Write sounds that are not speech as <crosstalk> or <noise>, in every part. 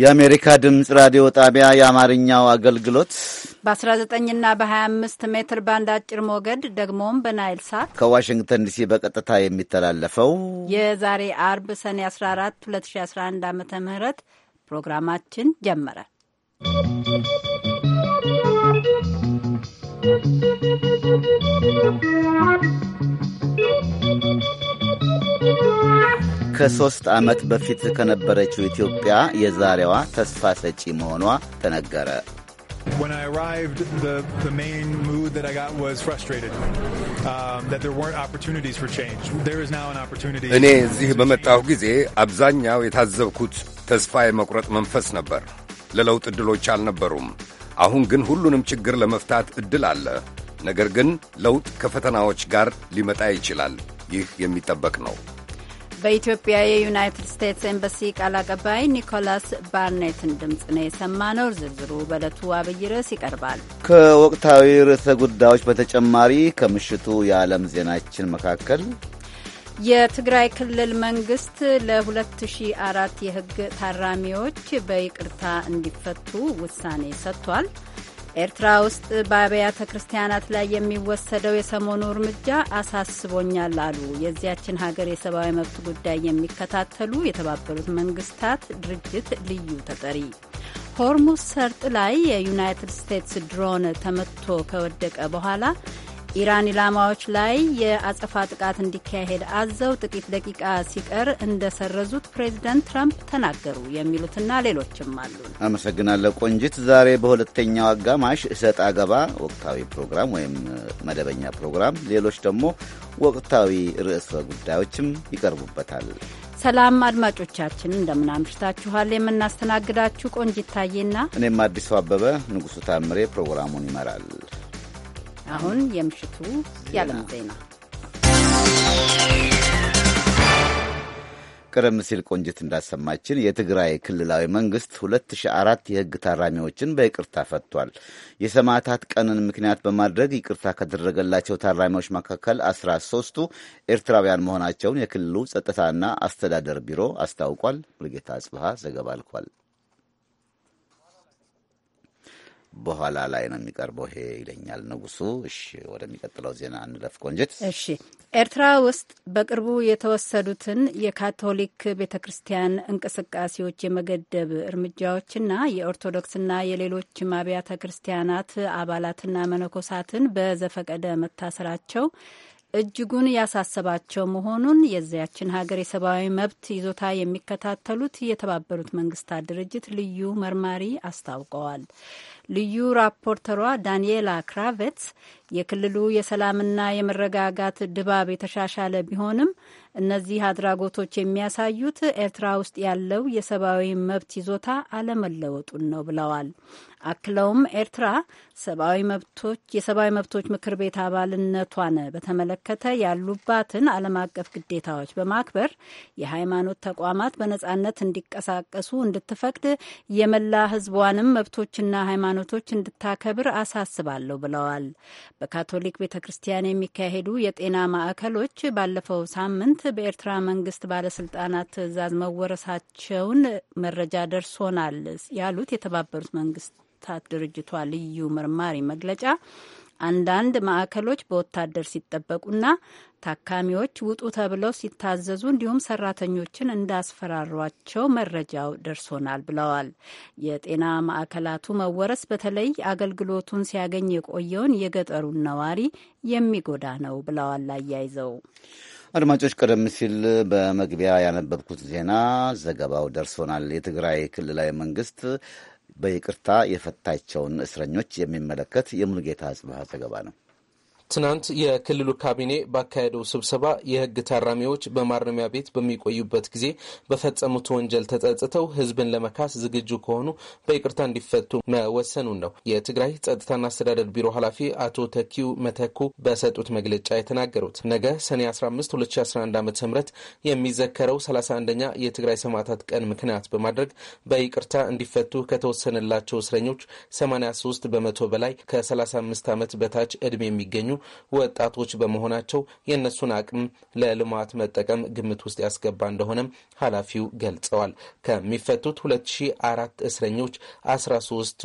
የአሜሪካ ድምፅ ራዲዮ ጣቢያ የአማርኛው አገልግሎት በ19 ና በ25 ሜትር ባንድ አጭር ሞገድ ደግሞም በናይል ሳት ከዋሽንግተን ዲሲ በቀጥታ የሚተላለፈው የዛሬ አርብ ሰኔ 14 2011 ዓ ም ፕሮግራማችን ጀመረ። ¶¶ ከሦስት ዓመት በፊት ከነበረችው ኢትዮጵያ የዛሬዋ ተስፋ ሰጪ መሆኗ ተነገረ። um, እኔ እዚህ በመጣሁ ጊዜ አብዛኛው የታዘብኩት ተስፋ የመቁረጥ መንፈስ ነበር። ለለውጥ ዕድሎች አልነበሩም። አሁን ግን ሁሉንም ችግር ለመፍታት ዕድል አለ። ነገር ግን ለውጥ ከፈተናዎች ጋር ሊመጣ ይችላል። ይህ የሚጠበቅ ነው። በኢትዮጵያ የዩናይትድ ስቴትስ ኤምባሲ ቃል አቀባይ ኒኮላስ ባርኔትን ድምፅ ነው የሰማ ነው። ዝርዝሩ በዕለቱ አብይ ርዕስ ይቀርባል። ከወቅታዊ ርዕሰ ጉዳዮች በተጨማሪ ከምሽቱ የዓለም ዜናችን መካከል የትግራይ ክልል መንግስት ለ2004 የህግ ታራሚዎች በይቅርታ እንዲፈቱ ውሳኔ ሰጥቷል። ኤርትራ ውስጥ በአብያተ ክርስቲያናት ላይ የሚወሰደው የሰሞኑ እርምጃ አሳስቦኛል አሉ የዚያችን ሀገር የሰብአዊ መብት ጉዳይ የሚከታተሉ የተባበሩት መንግስታት ድርጅት ልዩ ተጠሪ። ሆርሙስ ሰርጥ ላይ የዩናይትድ ስቴትስ ድሮን ተመትቶ ከወደቀ በኋላ ኢራን ኢላማዎች ላይ የአጸፋ ጥቃት እንዲካሄድ አዘው ጥቂት ደቂቃ ሲቀር እንደሰረዙት ፕሬዚደንት ትራምፕ ተናገሩ። የሚሉትና ሌሎችም አሉ። አመሰግናለሁ ቆንጂት። ዛሬ በሁለተኛው አጋማሽ እሰጥ አገባ ወቅታዊ ፕሮግራም ወይም መደበኛ ፕሮግራም፣ ሌሎች ደግሞ ወቅታዊ ርዕሰ ጉዳዮችም ይቀርቡበታል። ሰላም አድማጮቻችን፣ እንደምናምሽታችኋል። የምናስተናግዳችሁ ቆንጂት ታዬና እኔም አዲሱ አበበ። ንጉሱ ታምሬ ፕሮግራሙን ይመራል። አሁን የምሽቱ የዓለም ዜና ቀደም ሲል ቆንጅት እንዳሰማችን የትግራይ ክልላዊ መንግስት 2004 የሕግ ታራሚዎችን በይቅርታ ፈጥቷል። የሰማዕታት ቀንን ምክንያት በማድረግ ይቅርታ ከተደረገላቸው ታራሚዎች መካከል 13ቱ ኤርትራውያን መሆናቸውን የክልሉ ጸጥታና አስተዳደር ቢሮ አስታውቋል። ሙልጌታ አጽብሃ ዘገባ አልኳል። በኋላ ላይ ነው የሚቀርበው ይሄ ይለኛል ንጉሱ። እሺ ወደሚቀጥለው ዜና እንለፍ ቆንጅት። እሺ ኤርትራ ውስጥ በቅርቡ የተወሰዱትን የካቶሊክ ቤተ ክርስቲያን እንቅስቃሴዎች የመገደብ እርምጃዎችና የኦርቶዶክስና የሌሎችም አብያተ ክርስቲያናት አባላትና መነኮሳትን በዘፈቀደ መታሰራቸው እጅጉን ያሳሰባቸው መሆኑን የዚያችን ሀገር የሰብአዊ መብት ይዞታ የሚከታተሉት የተባበሩት መንግስታት ድርጅት ልዩ መርማሪ አስታውቀዋል። ልዩ ራፖርተሯ ዳንኤላ ክራቬትስ የክልሉ የሰላምና የመረጋጋት ድባብ የተሻሻለ ቢሆንም እነዚህ አድራጎቶች የሚያሳዩት ኤርትራ ውስጥ ያለው የሰብአዊ መብት ይዞታ አለመለወጡን ነው ብለዋል። አክለውም ኤርትራ ሰብአዊ መብቶች የሰብአዊ መብቶች ምክር ቤት አባልነቷን በተመለከተ ያሉባትን ዓለም አቀፍ ግዴታዎች በማክበር የሃይማኖት ተቋማት በነጻነት እንዲቀሳቀሱ እንድትፈቅድ የመላ ሕዝቧንም መብቶችና ሃይማኖቶች እንድታከብር አሳስባለሁ ብለዋል። በካቶሊክ ቤተ ክርስቲያን የሚካሄዱ የጤና ማዕከሎች ባለፈው ሳምንት በኤርትራ መንግስት ባለስልጣናት ትዕዛዝ መወረሳቸውን መረጃ ደርሶናል ያሉት የተባበሩት መንግስት መንግስታት ድርጅቷ ልዩ መርማሪ መግለጫ አንዳንድ ማዕከሎች በወታደር ሲጠበቁና ታካሚዎች ውጡ ተብለው ሲታዘዙ እንዲሁም ሰራተኞችን እንዳስፈራሯቸው መረጃው ደርሶናል ብለዋል። የጤና ማዕከላቱ መወረስ በተለይ አገልግሎቱን ሲያገኝ የቆየውን የገጠሩን ነዋሪ የሚጎዳ ነው ብለዋል። አያይዘው አድማጮች፣ ቀደም ሲል በመግቢያ ያነበብኩት ዜና ዘገባው ደርሶናል። የትግራይ ክልላዊ መንግስት በይቅርታ የፈታቸውን እስረኞች የሚመለከት የሙሉጌታ ጽባህ ዘገባ ነው። ትናንት የክልሉ ካቢኔ ባካሄደው ስብሰባ የህግ ታራሚዎች በማረሚያ ቤት በሚቆዩበት ጊዜ በፈጸሙት ወንጀል ተጸጽተው ህዝብን ለመካስ ዝግጁ ከሆኑ በይቅርታ እንዲፈቱ መወሰኑን ነው የትግራይ ጸጥታና አስተዳደር ቢሮ ኃላፊ አቶ ተኪው መተኩ በሰጡት መግለጫ የተናገሩት። ነገ ሰኔ 15 2011 ዓ ም የሚዘከረው 31ኛ የትግራይ ሰማዕታት ቀን ምክንያት በማድረግ በይቅርታ እንዲፈቱ ከተወሰነላቸው እስረኞች 83 በመቶ በላይ ከ35 ዓመት በታች ዕድሜ የሚገኙ ወጣቶች በመሆናቸው የእነሱን አቅም ለልማት መጠቀም ግምት ውስጥ ያስገባ እንደሆነም ኃላፊው ገልጸዋል። ከሚፈቱት 204 እስረኞች 13ቱ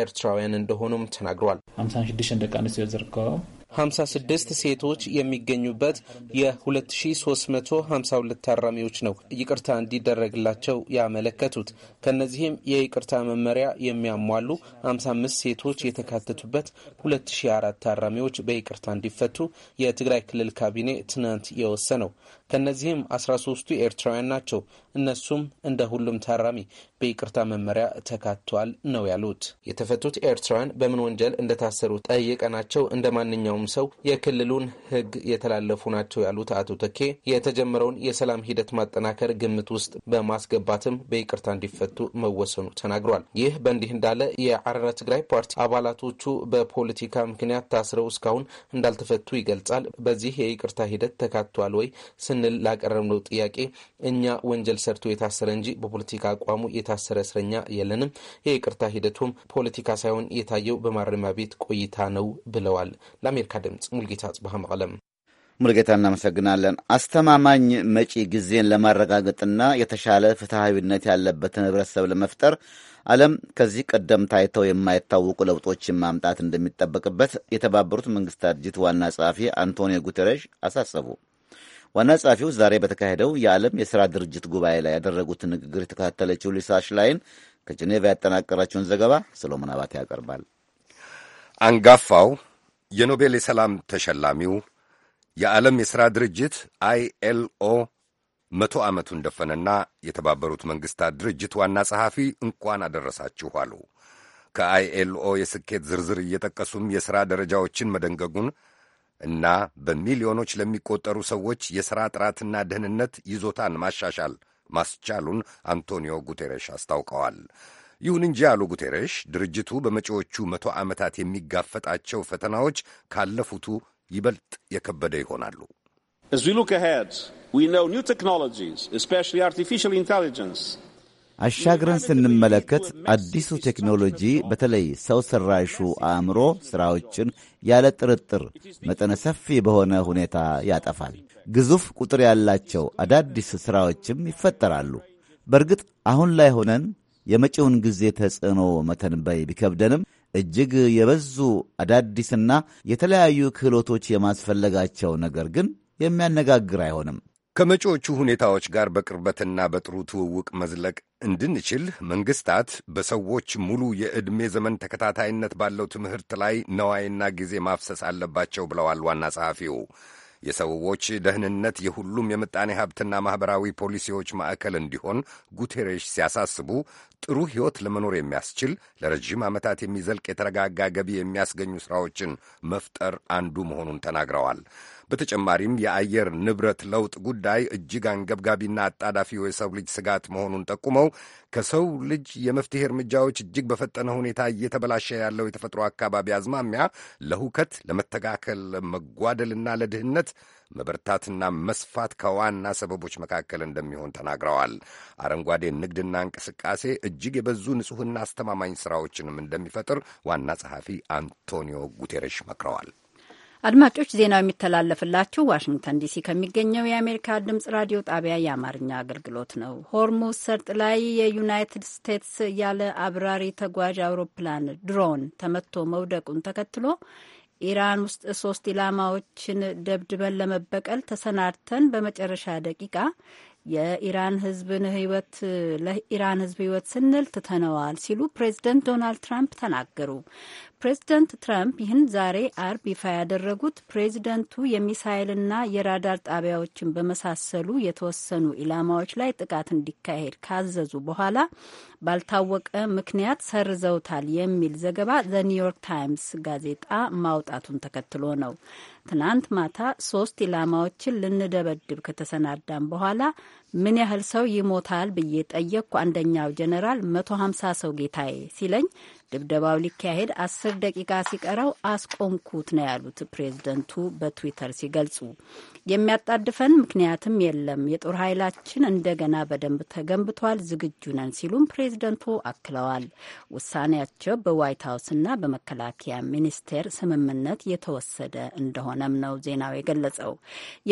ኤርትራውያን እንደሆኑም ተናግረዋል። 56 ደቂ አንስትዮ ዝርከቦም 56 ሴቶች የሚገኙበት የ2352 ታራሚዎች ነው ይቅርታ እንዲደረግላቸው ያመለከቱት። ከእነዚህም የይቅርታ መመሪያ የሚያሟሉ 55 ሴቶች የተካተቱበት 2004 ታራሚዎች በይቅርታ እንዲፈቱ የትግራይ ክልል ካቢኔ ትናንት የወሰነው ከእነዚህም አስራ ሶስቱ ኤርትራውያን ናቸው። እነሱም እንደ ሁሉም ታራሚ በይቅርታ መመሪያ ተካቷል ነው ያሉት። የተፈቱት ኤርትራውያን በምን ወንጀል እንደታሰሩ ጠይቀናቸው እንደ ማንኛውም ሰው የክልሉን ሕግ የተላለፉ ናቸው ያሉት አቶ ተኬ የተጀመረውን የሰላም ሂደት ማጠናከር ግምት ውስጥ በማስገባትም በይቅርታ እንዲፈቱ መወሰኑ ተናግሯል። ይህ በእንዲህ እንዳለ የአረራ ትግራይ ፓርቲ አባላቶቹ በፖለቲካ ምክንያት ታስረው እስካሁን እንዳልተፈቱ ይገልጻል። በዚህ የይቅርታ ሂደት ተካቷል ወይ ስንል ላቀረብነው ጥያቄ እኛ ወንጀል ሰርቶ የታሰረ እንጂ በፖለቲካ አቋሙ የታሰረ እስረኛ የለንም። የይቅርታ ሂደቱም ፖለቲካ ሳይሆን የታየው በማረሚያ ቤት ቆይታ ነው ብለዋል። ለአሜሪካ ድምፅ ሙልጌታ ጽቡሃ መቀለም። ሙልጌታ እናመሰግናለን። አስተማማኝ መጪ ጊዜን ለማረጋገጥና የተሻለ ፍትሐዊነት ያለበትን ህብረተሰብ ለመፍጠር ዓለም ከዚህ ቀደም ታይተው የማይታወቁ ለውጦችን ማምጣት እንደሚጠበቅበት የተባበሩት መንግስታት ድርጅት ዋና ጸሐፊ አንቶኒዮ ጉተረሽ አሳሰቡ። ዋና ጸሐፊው ዛሬ በተካሄደው የዓለም የሥራ ድርጅት ጉባኤ ላይ ያደረጉትን ንግግር የተከታተለችው ሊሳ ሽላይን ከጄኔቫ ያጠናቀራቸውን ዘገባ ሰሎሞን አባቴ ያቀርባል። አንጋፋው የኖቤል የሰላም ተሸላሚው የዓለም የሥራ ድርጅት አይኤልኦ መቶ ዓመቱን ደፈነና የተባበሩት መንግሥታት ድርጅት ዋና ጸሐፊ እንኳን አደረሳችሁ አሉ። ከአይኤልኦ የስኬት ዝርዝር እየጠቀሱም የሥራ ደረጃዎችን መደንገጉን እና በሚሊዮኖች ለሚቆጠሩ ሰዎች የሥራ ጥራትና ደህንነት ይዞታን ማሻሻል ማስቻሉን አንቶኒዮ ጉቴሬሽ አስታውቀዋል። ይሁን እንጂ አሉ ጉቴሬሽ ድርጅቱ በመጪዎቹ መቶ ዓመታት የሚጋፈጣቸው ፈተናዎች ካለፉቱ ይበልጥ የከበደ ይሆናሉ። As we look ahead, we know new technologies, especially artificial intelligence, አሻግረን ስንመለከት አዲሱ ቴክኖሎጂ በተለይ ሰው ሰራሹ አእምሮ ሥራዎችን ያለ ጥርጥር መጠነ ሰፊ በሆነ ሁኔታ ያጠፋል። ግዙፍ ቁጥር ያላቸው አዳዲስ ሥራዎችም ይፈጠራሉ። በእርግጥ አሁን ላይ ሆነን የመጪውን ጊዜ ተጽዕኖ መተንበይ ቢከብደንም እጅግ የበዙ አዳዲስና የተለያዩ ክህሎቶች የማስፈለጋቸው ነገር ግን የሚያነጋግር አይሆንም። ከመጪዎቹ ሁኔታዎች ጋር በቅርበትና በጥሩ ትውውቅ መዝለቅ እንድንችል መንግስታት በሰዎች ሙሉ የዕድሜ ዘመን ተከታታይነት ባለው ትምህርት ላይ ነዋይና ጊዜ ማፍሰስ አለባቸው ብለዋል ዋና ጸሐፊው። የሰዎች ደህንነት የሁሉም የምጣኔ ሀብትና ማኅበራዊ ፖሊሲዎች ማዕከል እንዲሆን ጉቴሬሽ ሲያሳስቡ ጥሩ ሕይወት ለመኖር የሚያስችል ለረዥም ዓመታት የሚዘልቅ የተረጋጋ ገቢ የሚያስገኙ ሥራዎችን መፍጠር አንዱ መሆኑን ተናግረዋል። በተጨማሪም የአየር ንብረት ለውጥ ጉዳይ እጅግ አንገብጋቢና አጣዳፊው የሰው ልጅ ስጋት መሆኑን ጠቁመው ከሰው ልጅ የመፍትሄ እርምጃዎች እጅግ በፈጠነ ሁኔታ እየተበላሸ ያለው የተፈጥሮ አካባቢ አዝማሚያ ለሁከት፣ ለመተካከል፣ መጓደልና ለድህነት መበርታትና መስፋት ከዋና ሰበቦች መካከል እንደሚሆን ተናግረዋል። አረንጓዴ ንግድና እንቅስቃሴ እጅግ የበዙ ንጹሕና አስተማማኝ ሥራዎችንም እንደሚፈጥር ዋና ጸሐፊ አንቶኒዮ ጉቴሬሽ መክረዋል። አድማጮች ዜናው የሚተላለፍላችሁ ዋሽንግተን ዲሲ ከሚገኘው የአሜሪካ ድምጽ ራዲዮ ጣቢያ የአማርኛ አገልግሎት ነው። ሆርሙዝ ሰርጥ ላይ የዩናይትድ ስቴትስ ያለ አብራሪ ተጓዥ አውሮፕላን ድሮን ተመቶ መውደቁን ተከትሎ ኢራን ውስጥ ሶስት ኢላማዎችን ደብድበን ለመበቀል ተሰናድተን በመጨረሻ ደቂቃ የኢራን ህዝብን ህይወት ለኢራን ህዝብ ህይወት ስንል ትተነዋል ሲሉ ፕሬዚደንት ዶናልድ ትራምፕ ተናገሩ። ፕሬዝደንት ትራምፕ ይህን ዛሬ አርብ ይፋ ያደረጉት ፕሬዝደንቱ የሚሳይልና የራዳር ጣቢያዎችን በመሳሰሉ የተወሰኑ ኢላማዎች ላይ ጥቃት እንዲካሄድ ካዘዙ በኋላ ባልታወቀ ምክንያት ሰርዘውታል የሚል ዘገባ ኒውዮርክ ታይምስ ጋዜጣ ማውጣቱን ተከትሎ ነው። ትናንት ማታ ሶስት ኢላማዎችን ልንደበድብ ከተሰናዳን በኋላ ምን ያህል ሰው ይሞታል ብዬ ጠየቅኩ። አንደኛው ጀኔራል መቶ ሀምሳ ሰው ጌታዬ ሲለኝ ድብደባው ሊካሄድ አስር ደቂቃ ሲቀረው አስቆምኩት ነው ያሉት ፕሬዝደንቱ በትዊተር ሲገልጹ። የሚያጣድፈን ምክንያትም የለም፣ የጦር ኃይላችን እንደገና በደንብ ተገንብቷል፣ ዝግጁ ነን ሲሉም ፕሬዝደንቱ አክለዋል። ውሳኔያቸው በዋይት ሀውስና በመከላከያ ሚኒስቴር ስምምነት የተወሰደ እንደሆነም ነው ዜናው የገለጸው።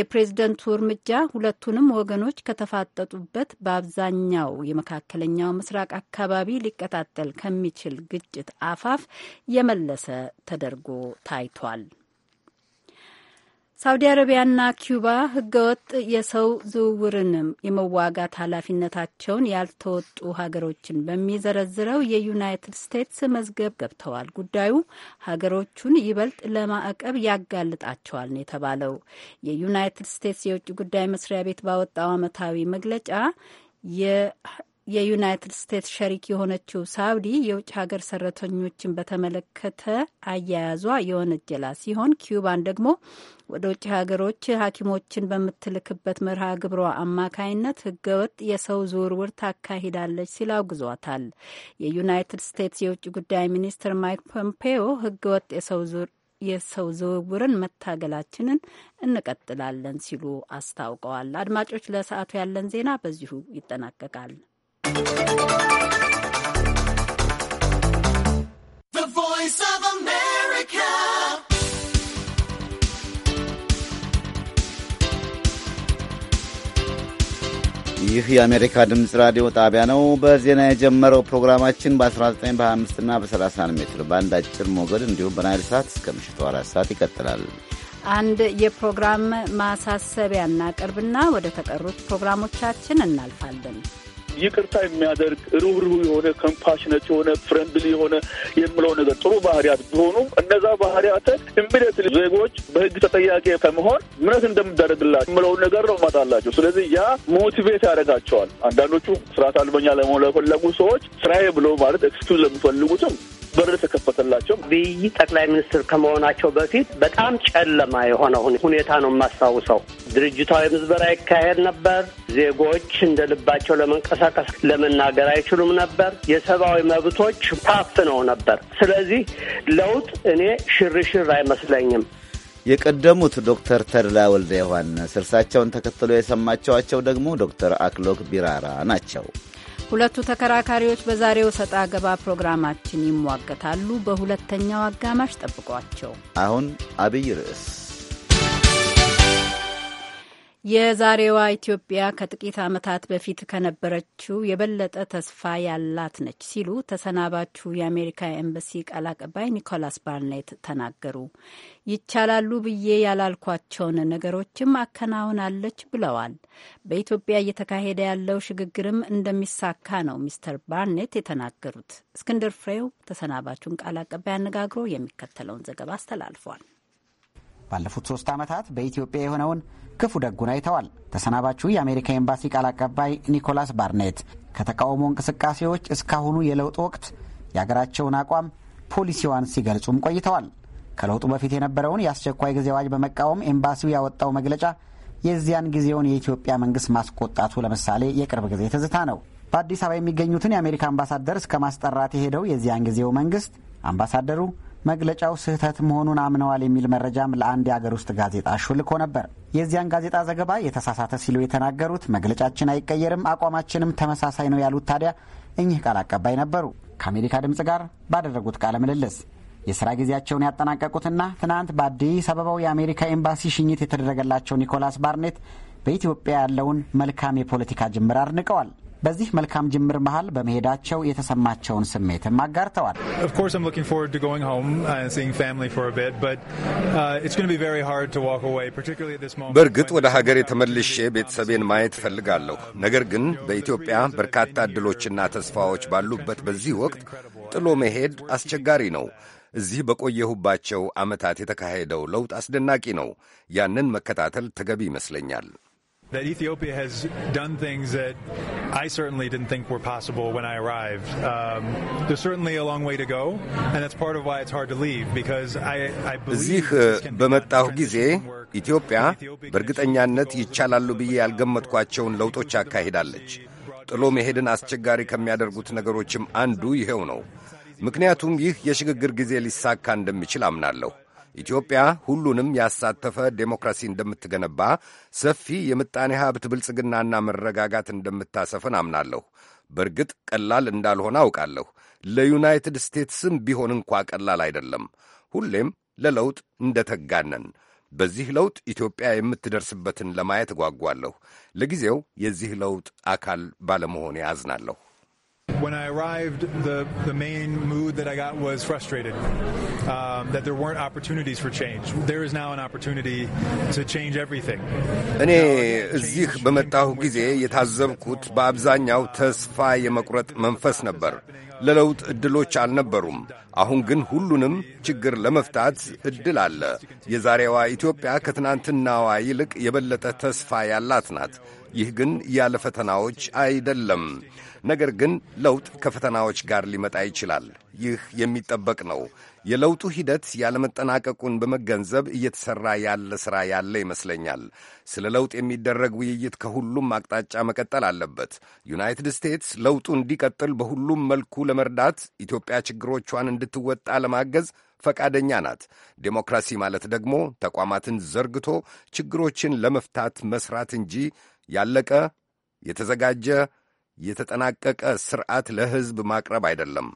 የፕሬዝደንቱ እርምጃ ሁለቱንም ወገኖች ከተፋጠጡበት በአብዛኛው የመካከለኛው ምስራቅ አካባቢ ሊቀጣጠል ከሚችል ግ ግጭት አፋፍ የመለሰ ተደርጎ ታይቷል። ሳውዲ አረቢያና ኪዩባ ህገወጥ የሰው ዝውውርንም የመዋጋት ኃላፊነታቸውን ያልተወጡ ሀገሮችን በሚዘረዝረው የዩናይትድ ስቴትስ መዝገብ ገብተዋል። ጉዳዩ ሀገሮቹን ይበልጥ ለማዕቀብ ያጋልጣቸዋል ነው የተባለው። የዩናይትድ ስቴትስ የውጭ ጉዳይ መስሪያ ቤት ባወጣው ዓመታዊ መግለጫ የዩናይትድ ስቴትስ ሸሪክ የሆነችው ሳውዲ የውጭ ሀገር ሰራተኞችን በተመለከተ አያያዟ የወነጀላ ሲሆን ኪዩባን ደግሞ ወደ ውጭ ሀገሮች ሐኪሞችን በምትልክበት መርሃ ግብሯ አማካይነት ህገወጥ የሰው ዝውውር ታካሂዳለች ሲል አውግዟታል። የዩናይትድ ስቴትስ የውጭ ጉዳይ ሚኒስትር ማይክ ፖምፔዮ ህገወጥ የሰው የሰው ዝውውርን መታገላችንን እንቀጥላለን ሲሉ አስታውቀዋል። አድማጮች፣ ለሰዓቱ ያለን ዜና በዚሁ ይጠናቀቃል። ይህ የአሜሪካ ድምፅ ራዲዮ ጣቢያ ነው። በዜና የጀመረው ፕሮግራማችን በ19 በ25 እና በ31 ሜትር በአንድ አጭር ሞገድ እንዲሁም በናይል ሰዓት እስከ ምሽቱ አራት ሰዓት ይቀጥላል። አንድ የፕሮግራም ማሳሰቢያ እናቀርብና ወደ ተቀሩት ፕሮግራሞቻችን እናልፋለን። ይቅርታ የሚያደርግ ርኅሩኅ የሆነ ኮምፓሽነት የሆነ ፍሬንድሊ የሆነ የምለው ነገር ጥሩ ባህሪያት ቢሆኑም እነዛ ባህሪያት ኢሚዲየት ዜጎች በህግ ተጠያቂ ከመሆን ምነት እንደምዳረግላቸው የምለውን ነገር ነው ማጣላቸው። ስለዚህ ያ ሞቲቬት ያደርጋቸዋል። አንዳንዶቹ ስርዓት አልበኛ ለመሆን ለፈለጉ ሰዎች ስራዬ ብለው ማለት ኤክስኪውዝ ለሚፈልጉትም በር ተከፈተላቸው። ብይ ጠቅላይ ሚኒስትር ከመሆናቸው በፊት በጣም ጨለማ የሆነ ሁኔታ ነው የማስታውሰው። ድርጅታዊ ምዝበራ ይካሄድ ነበር። ዜጎች እንደ ልባቸው ለመንቀሳቀስ ለመናገር አይችሉም ነበር። የሰብአዊ መብቶች ታፍነው ነበር። ስለዚህ ለውጥ እኔ ሽርሽር አይመስለኝም። የቀደሙት ዶክተር ተድላ ወልደ ዮሐንስ እርሳቸውን ተከትሎ የሰማችኋቸው ደግሞ ዶክተር አክሎክ ቢራራ ናቸው። ሁለቱ ተከራካሪዎች በዛሬው ሰጣ ገባ ፕሮግራማችን ይሟገታሉ። በሁለተኛው አጋማሽ ጠብቋቸው። አሁን አብይ ርዕስ የዛሬዋ ኢትዮጵያ ከጥቂት ዓመታት በፊት ከነበረችው የበለጠ ተስፋ ያላት ነች ሲሉ ተሰናባቹ የአሜሪካ ኤምባሲ ቃል አቀባይ ኒኮላስ ባርኔት ተናገሩ። ይቻላሉ ብዬ ያላልኳቸውን ነገሮችም አከናውናለች ብለዋል። በኢትዮጵያ እየተካሄደ ያለው ሽግግርም እንደሚሳካ ነው ሚስተር ባርኔት የተናገሩት። እስክንድር ፍሬው ተሰናባቹን ቃል አቀባይ አነጋግሮ የሚከተለውን ዘገባ አስተላልፏል። ባለፉት ሶስት ዓመታት በኢትዮጵያ የሆነውን ክፉ ደጉን አይተዋል። ተሰናባቹ የአሜሪካ ኤምባሲ ቃል አቀባይ ኒኮላስ ባርኔት ከተቃውሞ እንቅስቃሴዎች እስካሁኑ የለውጥ ወቅት የአገራቸውን አቋም ፖሊሲዋን ሲገልጹም ቆይተዋል። ከለውጡ በፊት የነበረውን የአስቸኳይ ጊዜ አዋጅ በመቃወም ኤምባሲው ያወጣው መግለጫ የዚያን ጊዜውን የኢትዮጵያ መንግስት ማስቆጣቱ ለምሳሌ የቅርብ ጊዜ ትዝታ ነው። በአዲስ አበባ የሚገኙትን የአሜሪካ አምባሳደር እስከ ማስጠራት የሄደው የዚያን ጊዜው መንግስት አምባሳደሩ መግለጫው ስህተት መሆኑን አምነዋል የሚል መረጃም ለአንድ የአገር ውስጥ ጋዜጣ ሹልኮ ነበር። የዚያን ጋዜጣ ዘገባ የተሳሳተ ሲሉ የተናገሩት መግለጫችን አይቀየርም፣ አቋማችንም ተመሳሳይ ነው ያሉት ታዲያ እኚህ ቃል አቀባይ ነበሩ። ከአሜሪካ ድምፅ ጋር ባደረጉት ቃለ ምልልስ የሥራ ጊዜያቸውን ያጠናቀቁትና ትናንት በአዲስ አበባው የአሜሪካ ኤምባሲ ሽኝት የተደረገላቸው ኒኮላስ ባርኔት በኢትዮጵያ ያለውን መልካም የፖለቲካ ጅምር አድንቀዋል። በዚህ መልካም ጅምር መሀል በመሄዳቸው የተሰማቸውን ስሜትም አጋርተዋል። uh, በእርግጥ ወደ ሀገሬ ተመልሼ ቤተሰቤን ማየት እፈልጋለሁ። ነገር ግን በኢትዮጵያ በርካታ ዕድሎችና ተስፋዎች ባሉበት በዚህ ወቅት ጥሎ መሄድ አስቸጋሪ ነው። እዚህ በቆየሁባቸው ዓመታት የተካሄደው ለውጥ አስደናቂ ነው። ያንን መከታተል ተገቢ ይመስለኛል። That Ethiopia has done things that I certainly didn't think were possible when I arrived. Um, there's certainly a long way to go, and that's part of why it's hard to leave because I, I believe this can be ኢትዮጵያ በእርግጠኛነት ይቻላሉ ብዬ ያልገመጥኳቸውን ለውጦች አካሂዳለች። ጥሎ መሄድን አስቸጋሪ ከሚያደርጉት ነገሮችም አንዱ ይሄው ነው። ምክንያቱም ይህ የሽግግር ጊዜ ሊሳካ እንደሚችል አምናለሁ። ኢትዮጵያ ሁሉንም ያሳተፈ ዴሞክራሲ እንደምትገነባ፣ ሰፊ የምጣኔ ሀብት ብልጽግናና መረጋጋት እንደምታሰፍን አምናለሁ። በእርግጥ ቀላል እንዳልሆነ አውቃለሁ። ለዩናይትድ ስቴትስም ቢሆን እንኳ ቀላል አይደለም። ሁሌም ለለውጥ እንደተጋነን በዚህ ለውጥ ኢትዮጵያ የምትደርስበትን ለማየት እጓጓለሁ። ለጊዜው የዚህ ለውጥ አካል ባለመሆኔ አዝናለሁ። When I arrived, the, the main mood that I got was frustrated um, that there weren't opportunities for change. There is now an opportunity to change everything. እኔ እዚህ በመጣሁ ጊዜ የታዘብኩት በአብዛኛው ተስፋ የመቁረጥ መንፈስ ነበር። ለለውጥ ዕድሎች አልነበሩም። አሁን ግን ሁሉንም ችግር ለመፍታት ዕድል አለ። የዛሬዋ ኢትዮጵያ ከትናንትናዋ ይልቅ የበለጠ ተስፋ ያላት ናት። ይህ ግን ያለ ፈተናዎች አይደለም። ነገር ግን ለውጥ ከፈተናዎች ጋር ሊመጣ ይችላል። ይህ የሚጠበቅ ነው። የለውጡ ሂደት ያለመጠናቀቁን በመገንዘብ እየተሠራ ያለ ሥራ ያለ ይመስለኛል። ስለ ለውጥ የሚደረግ ውይይት ከሁሉም አቅጣጫ መቀጠል አለበት። ዩናይትድ ስቴትስ ለውጡ እንዲቀጥል በሁሉም መልኩ ለመርዳት፣ ኢትዮጵያ ችግሮቿን እንድትወጣ ለማገዝ ፈቃደኛ ናት። ዴሞክራሲ ማለት ደግሞ ተቋማትን ዘርግቶ ችግሮችን ለመፍታት መሥራት እንጂ ያለቀ የተዘጋጀ የተጠናቀቀ ስርዓት ለሕዝብ ማቅረብ አይደለም።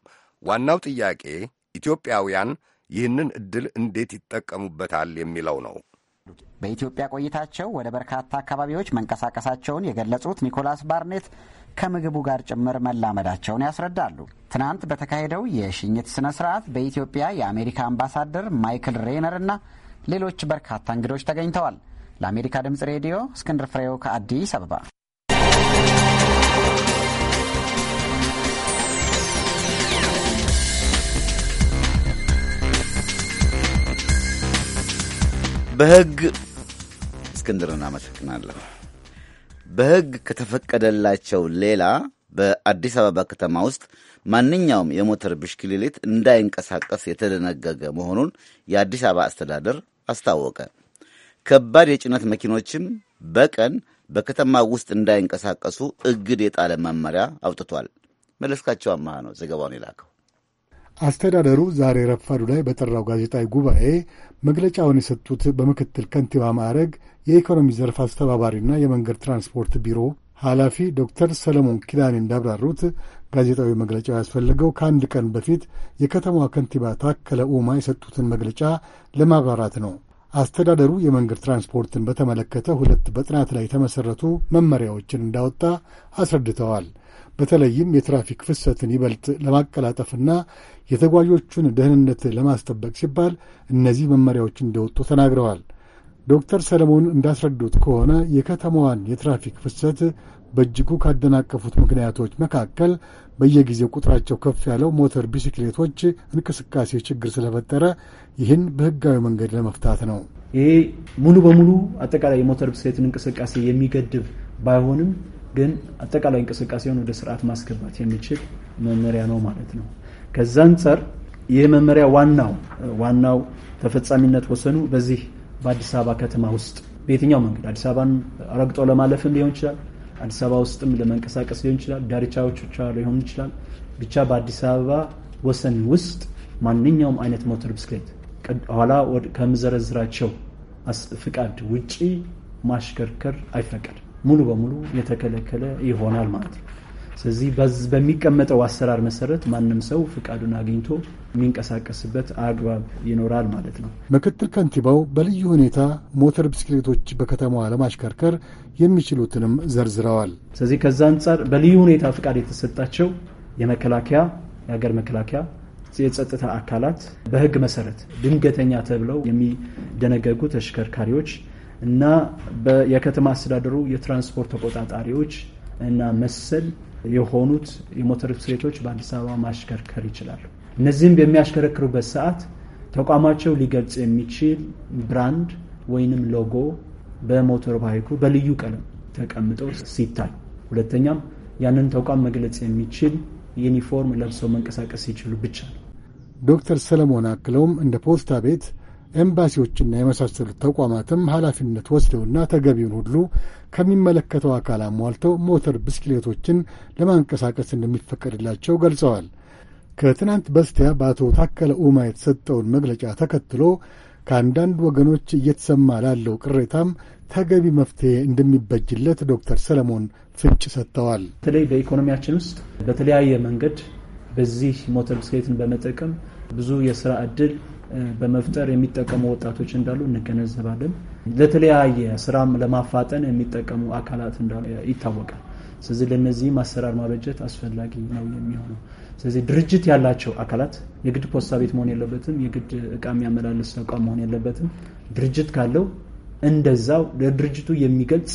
ዋናው ጥያቄ ኢትዮጵያውያን ይህንን ዕድል እንዴት ይጠቀሙበታል የሚለው ነው። በኢትዮጵያ ቆይታቸው ወደ በርካታ አካባቢዎች መንቀሳቀሳቸውን የገለጹት ኒኮላስ ባርኔት ከምግቡ ጋር ጭምር መላመዳቸውን ያስረዳሉ። ትናንት በተካሄደው የሽኝት ሥነ ሥርዓት በኢትዮጵያ የአሜሪካ አምባሳደር ማይክል ሬነር እና ሌሎች በርካታ እንግዶች ተገኝተዋል። ለአሜሪካ ድምፅ ሬዲዮ እስክንድር ፍሬው ከአዲስ አበባ በህግ እስክንድር እናመሰግናለሁ። በህግ ከተፈቀደላቸው ሌላ በአዲስ አበባ ከተማ ውስጥ ማንኛውም የሞተር ብሽክሌት እንዳይንቀሳቀስ የተደነገገ መሆኑን የአዲስ አበባ አስተዳደር አስታወቀ። ከባድ የጭነት መኪኖችም በቀን በከተማ ውስጥ እንዳይንቀሳቀሱ እግድ የጣለ መመሪያ አውጥቷል። መለስካቸው አመሃ ነው ዘገባውን የላከው። አስተዳደሩ ዛሬ ረፋዱ ላይ በጠራው ጋዜጣዊ ጉባኤ መግለጫውን የሰጡት በምክትል ከንቲባ ማዕረግ የኢኮኖሚ ዘርፍ አስተባባሪና የመንገድ ትራንስፖርት ቢሮ ኃላፊ ዶክተር ሰለሞን ኪዳኔ እንዳብራሩት ጋዜጣዊ መግለጫው ያስፈለገው ከአንድ ቀን በፊት የከተማዋ ከንቲባ ታከለ ኡማ የሰጡትን መግለጫ ለማብራራት ነው። አስተዳደሩ የመንገድ ትራንስፖርትን በተመለከተ ሁለት በጥናት ላይ የተመሠረቱ መመሪያዎችን እንዳወጣ አስረድተዋል። በተለይም የትራፊክ ፍሰትን ይበልጥ ለማቀላጠፍና የተጓዦቹን ደህንነት ለማስጠበቅ ሲባል እነዚህ መመሪያዎች እንደወጡ ተናግረዋል። ዶክተር ሰለሞን እንዳስረዱት ከሆነ የከተማዋን የትራፊክ ፍሰት በእጅጉ ካደናቀፉት ምክንያቶች መካከል በየጊዜው ቁጥራቸው ከፍ ያለው ሞተር ቢስክሌቶች እንቅስቃሴ ችግር ስለፈጠረ ይህን በሕጋዊ መንገድ ለመፍታት ነው። ይሄ ሙሉ በሙሉ አጠቃላይ የሞተር ብስክሌትን እንቅስቃሴ የሚገድብ ባይሆንም ግን አጠቃላይ እንቅስቃሴውን ወደ ስርዓት ማስገባት የሚችል መመሪያ ነው ማለት ነው። ከዛ አንጻር ይህ መመሪያ ዋናው ዋናው ተፈጻሚነት ወሰኑ በዚህ በአዲስ አበባ ከተማ ውስጥ በየትኛው መንገድ አዲስ አበባን ረግጦ ለማለፍም ሊሆን ይችላል። አዲስ አበባ ውስጥም ለመንቀሳቀስ ሊሆን ይችላል። ዳርቻዎች ብቻ ሊሆን ይችላል። ብቻ በአዲስ አበባ ወሰን ውስጥ ማንኛውም አይነት ሞተር ብስክሌት ኋላ ከምዘረዝራቸው ፍቃድ ውጪ ማሽከርከር አይፈቀድም። ሙሉ በሙሉ የተከለከለ ይሆናል ማለት ነው። ስለዚህ በሚቀመጠው አሰራር መሰረት ማንም ሰው ፍቃዱን አግኝቶ የሚንቀሳቀስበት አግባብ ይኖራል ማለት ነው። ምክትል ከንቲባው በልዩ ሁኔታ ሞተር ብስክሌቶች በከተማዋ ለማሽከርከር የሚችሉትንም ዘርዝረዋል። ስለዚህ ከዛ አንጻር በልዩ ሁኔታ ፍቃድ የተሰጣቸው የመከላከያ የሀገር መከላከያ የጸጥታ አካላት በህግ መሰረት ድንገተኛ ተብለው የሚደነገጉ ተሽከርካሪዎች እና የከተማ አስተዳደሩ የትራንስፖርት ተቆጣጣሪዎች እና መሰል የሆኑት የሞተር ብስክሌቶች በአዲስ አበባ ማሽከርከር ይችላሉ። እነዚህም በሚያሽከረክሩበት ሰዓት ተቋማቸው ሊገልጽ የሚችል ብራንድ ወይንም ሎጎ በሞተር ባይኩ በልዩ ቀለም ተቀምጦ ሲታይ፣ ሁለተኛም ያንን ተቋም መግለጽ የሚችል ዩኒፎርም ለብሰው መንቀሳቀስ ሲችሉ ብቻ ነው። ዶክተር ሰለሞን አክለውም እንደ ፖስታ ቤት ኤምባሲዎችና የመሳሰሉት ተቋማትም ኃላፊነት ወስደውና ተገቢውን ሁሉ ከሚመለከተው አካል አሟልተው ሞተር ብስክሌቶችን ለማንቀሳቀስ እንደሚፈቀድላቸው ገልጸዋል። ከትናንት በስቲያ በአቶ ታከለ ኡማ የተሰጠውን መግለጫ ተከትሎ ከአንዳንድ ወገኖች እየተሰማ ላለው ቅሬታም ተገቢ መፍትሄ እንደሚበጅለት ዶክተር ሰለሞን ፍንጭ ሰጥተዋል። በተለይ በኢኮኖሚያችን ውስጥ በተለያየ መንገድ በዚህ ሞተር ብስክሌትን በመጠቀም ብዙ የስራ ዕድል በመፍጠር የሚጠቀሙ ወጣቶች እንዳሉ እንገነዘባለን። ለተለያየ ስራም ለማፋጠን የሚጠቀሙ አካላት እንዳሉ ይታወቃል። ስለዚህ ለእነዚህም አሰራር ማበጀት አስፈላጊ ነው የሚሆነው። ስለዚህ ድርጅት ያላቸው አካላት የግድ ፖስታ ቤት መሆን የለበትም፣ የግድ እቃ የሚያመላልስ ተቋም መሆን የለበትም። ድርጅት ካለው እንደዛው ለድርጅቱ የሚገልጽ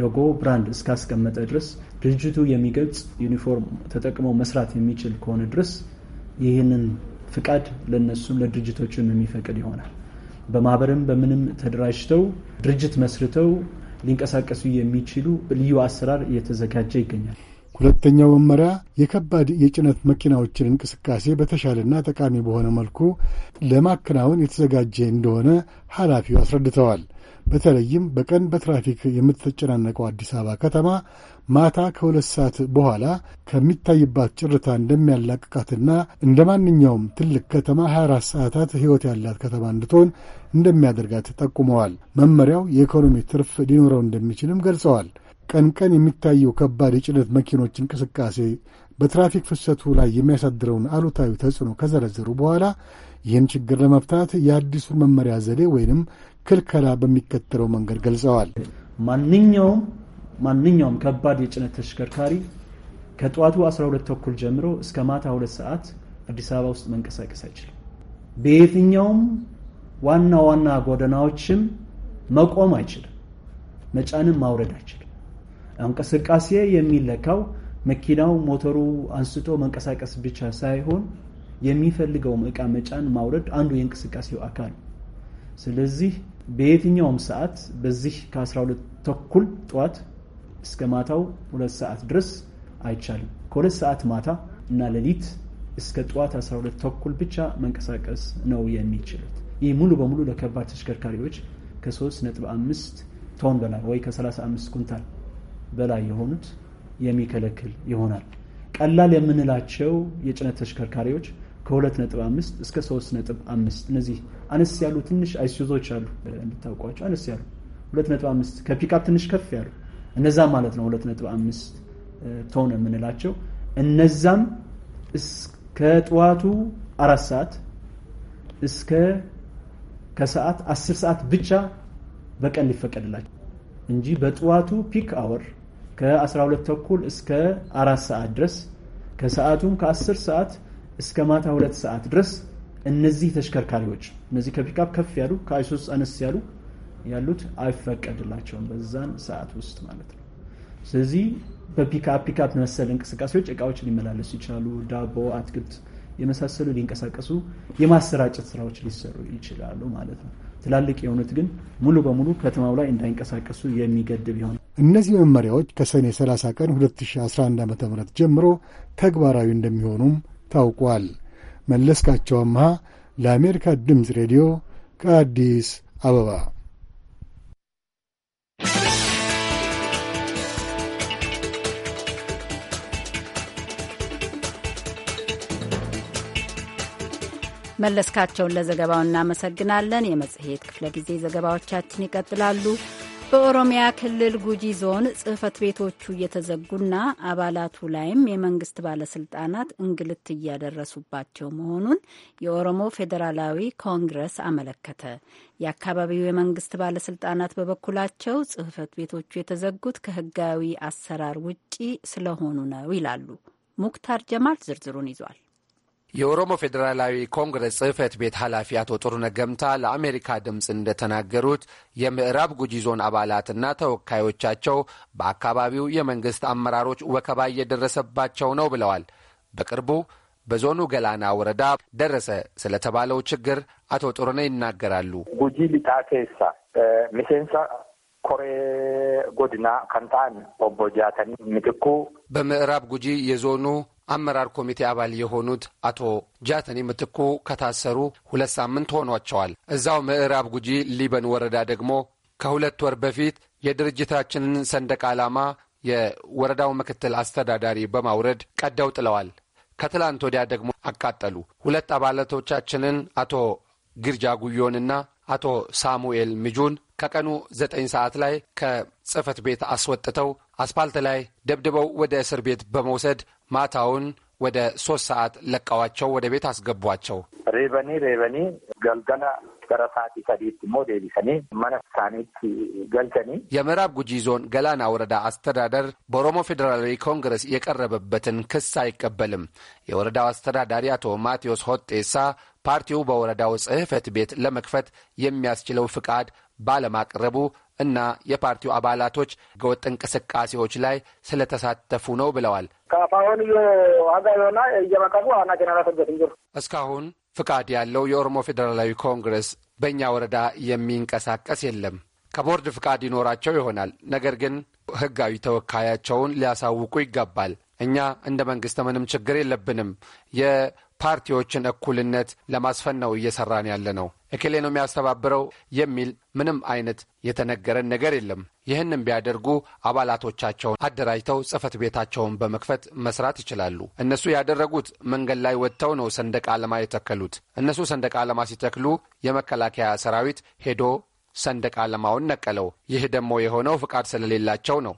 ሎጎ ብራንድ እስካስቀመጠ ድረስ ድርጅቱ የሚገልጽ ዩኒፎርም ተጠቅሞ መስራት የሚችል ከሆነ ድረስ ይህንን ፍቃድ ለነሱም ለድርጅቶችም የሚፈቅድ ይሆናል። በማህበርም በምንም ተደራጅተው ድርጅት መስርተው ሊንቀሳቀሱ የሚችሉ ልዩ አሰራር እየተዘጋጀ ይገኛል። ሁለተኛው መመሪያ የከባድ የጭነት መኪናዎችን እንቅስቃሴ በተሻለና ጠቃሚ በሆነ መልኩ ለማከናወን የተዘጋጀ እንደሆነ ኃላፊው አስረድተዋል። በተለይም በቀን በትራፊክ የምትጨናነቀው አዲስ አበባ ከተማ ማታ ከሁለት ሰዓት በኋላ ከሚታይባት ጭርታ እንደሚያላቅቃትና እንደ ማንኛውም ትልቅ ከተማ 24 ሰዓታት ሕይወት ያላት ከተማ እንድትሆን እንደሚያደርጋት ጠቁመዋል። መመሪያው የኢኮኖሚ ትርፍ ሊኖረው እንደሚችልም ገልጸዋል። ቀን ቀን የሚታየው ከባድ የጭነት መኪኖች እንቅስቃሴ በትራፊክ ፍሰቱ ላይ የሚያሳድረውን አሉታዊ ተጽዕኖ ከዘረዘሩ በኋላ ይህን ችግር ለመፍታት የአዲሱን መመሪያ ዘዴ ወይንም ክልከላ በሚከተለው መንገድ ገልጸዋል። ማንኛውም ማንኛውም ከባድ የጭነት ተሽከርካሪ ከጠዋቱ 12 ተኩል ጀምሮ እስከ ማታ 2 ሰዓት አዲስ አበባ ውስጥ መንቀሳቀስ አይችልም። በየትኛውም ዋና ዋና ጎዳናዎችም መቆም አይችልም። መጫንም ማውረድ አይችልም። እንቅስቃሴ የሚለካው መኪናው ሞተሩ አንስቶ መንቀሳቀስ ብቻ ሳይሆን የሚፈልገውም እቃ መጫን ማውረድ አንዱ የእንቅስቃሴው አካል ነው። ስለዚህ በየትኛውም ሰዓት በዚህ ከ12 ተኩል ጠዋት እስከ ማታው ሁለት ሰዓት ድረስ አይቻልም። ከሁለት ሰዓት ማታ እና ሌሊት እስከ ጠዋት 12 ተኩል ብቻ መንቀሳቀስ ነው የሚችሉት። ይህ ሙሉ በሙሉ ለከባድ ተሽከርካሪዎች ከ3.5 ቶን በላይ ወይ ከ35 ኩንታል በላይ የሆኑት የሚከለክል ይሆናል። ቀላል የምንላቸው የጭነት ተሽከርካሪዎች ከ2.5 እስከ 3.5 እነዚህ አነስ ያሉ ትንሽ አይሱዞች አሉ፣ እንድታውቋቸው አነስ ያሉ 2.5 ከፒካፕ ትንሽ ከፍ ያሉ እነዛ ማለት ነው ሁለት ነጥብ አምስት ቶን የምንላቸው እነዛም እስከ ጠዋቱ አራት ሰዓት እስከ ከሰዓት አስር ሰዓት ብቻ በቀን ሊፈቀድላቸው እንጂ በጠዋቱ ፒክ አወር ከ12 ተኩል እስከ አራት ሰዓት ድረስ ከሰዓቱም ከ10 ሰዓት እስከ ማታ ሁለት ሰዓት ድረስ እነዚህ ተሽከርካሪዎች እነዚህ ከፒክአፕ ከፍ ያሉ ከአይሱስ አነስ ያሉ ያሉት አይፈቀድላቸውም በዛን ሰዓት ውስጥ ማለት ነው። ስለዚህ በፒካፕ ፒካፕ መሰል እንቅስቃሴዎች እቃዎች ሊመላለሱ ይችላሉ። ዳቦ፣ አትክልት የመሳሰሉ ሊንቀሳቀሱ የማሰራጨት ስራዎች ሊሰሩ ይችላሉ ማለት ነው። ትላልቅ የሆኑት ግን ሙሉ በሙሉ ከተማው ላይ እንዳይንቀሳቀሱ የሚገድብ ይሆናል። እነዚህ መመሪያዎች ከሰኔ 30 ቀን 2011 ዓ ም ጀምሮ ተግባራዊ እንደሚሆኑም ታውቋል። መለስካቸው አምሃ ለአሜሪካ ድምፅ ሬዲዮ ከአዲስ አበባ መለስካቸውን ለዘገባው እናመሰግናለን። የመጽሔት ክፍለ ጊዜ ዘገባዎቻችን ይቀጥላሉ። በኦሮሚያ ክልል ጉጂ ዞን ጽህፈት ቤቶቹ እየተዘጉና አባላቱ ላይም የመንግስት ባለስልጣናት እንግልት እያደረሱባቸው መሆኑን የኦሮሞ ፌዴራላዊ ኮንግረስ አመለከተ። የአካባቢው የመንግስት ባለስልጣናት በበኩላቸው ጽህፈት ቤቶቹ የተዘጉት ከህጋዊ አሰራር ውጪ ስለሆኑ ነው ይላሉ። ሙክታር ጀማል ዝርዝሩን ይዟል። የኦሮሞ ፌዴራላዊ ኮንግረስ ጽህፈት ቤት ኃላፊ አቶ ጥሩነ ገምታ ለአሜሪካ ድምፅ እንደተናገሩት የምዕራብ ጉጂ ዞን አባላትና ተወካዮቻቸው በአካባቢው የመንግሥት አመራሮች ወከባ እየደረሰባቸው ነው ብለዋል። በቅርቡ በዞኑ ገላና ወረዳ ደረሰ ስለተባለው ችግር አቶ ጥሩነ ይናገራሉ። ጉጂ ሊጣ ኬሳ ሚሴንሳ ኮሬ ጎድና ከንታን ኦቦጃተን ምትኩ በምዕራብ ጉጂ የዞኑ አመራር ኮሚቴ አባል የሆኑት አቶ ጃተኒ ምትኩ ከታሰሩ ሁለት ሳምንት ሆኗቸዋል። እዛው ምዕራብ ጉጂ ሊበን ወረዳ ደግሞ ከሁለት ወር በፊት የድርጅታችንን ሰንደቅ ዓላማ የወረዳው ምክትል አስተዳዳሪ በማውረድ ቀደው ጥለዋል። ከትላንት ወዲያ ደግሞ አቃጠሉ። ሁለት አባላቶቻችንን አቶ ግርጃ ጉዮንና አቶ ሳሙኤል ምጁን ከቀኑ ዘጠኝ ሰዓት ላይ ከጽህፈት ቤት አስወጥተው አስፓልት ላይ ደብድበው ወደ እስር ቤት በመውሰድ ማታውን ወደ ሶስት ሰዓት ለቀዋቸው ወደ ቤት አስገቧቸው። ሬበኒ ሬበኒ ገልገላ ሞ ደቢሰኒ መነሳኒት ገልተኒ የምዕራብ ጉጂ ዞን ገላና ወረዳ አስተዳደር በኦሮሞ ፌዴራላዊ ኮንግረስ የቀረበበትን ክስ አይቀበልም። የወረዳው አስተዳዳሪ አቶ ማቴዎስ ሆጤሳ ፓርቲው በወረዳው ጽህፈት ቤት ለመክፈት የሚያስችለው ፍቃድ ባለማቅረቡ እና የፓርቲው አባላቶች ህገወጥ እንቅስቃሴዎች ላይ ስለተሳተፉ ነው ብለዋል። እስካሁን ፍቃድ ያለው የኦሮሞ ፌዴራላዊ ኮንግረስ በእኛ ወረዳ የሚንቀሳቀስ የለም። ከቦርድ ፍቃድ ይኖራቸው ይሆናል። ነገር ግን ህጋዊ ተወካያቸውን ሊያሳውቁ ይገባል። እኛ እንደ መንግስት ምንም ችግር የለብንም። ፓርቲዎችን እኩልነት ለማስፈን ነው እየሰራን ያለ ነው። እክሌ ነው የሚያስተባብረው የሚል ምንም አይነት የተነገረን ነገር የለም። ይህንም ቢያደርጉ አባላቶቻቸውን አደራጅተው ጽህፈት ቤታቸውን በመክፈት መስራት ይችላሉ። እነሱ ያደረጉት መንገድ ላይ ወጥተው ነው ሰንደቅ ዓላማ የተከሉት። እነሱ ሰንደቅ ዓላማ ሲተክሉ የመከላከያ ሰራዊት ሄዶ ሰንደቅ ዓላማውን ነቀለው። ይህ ደግሞ የሆነው ፍቃድ ስለሌላቸው ነው።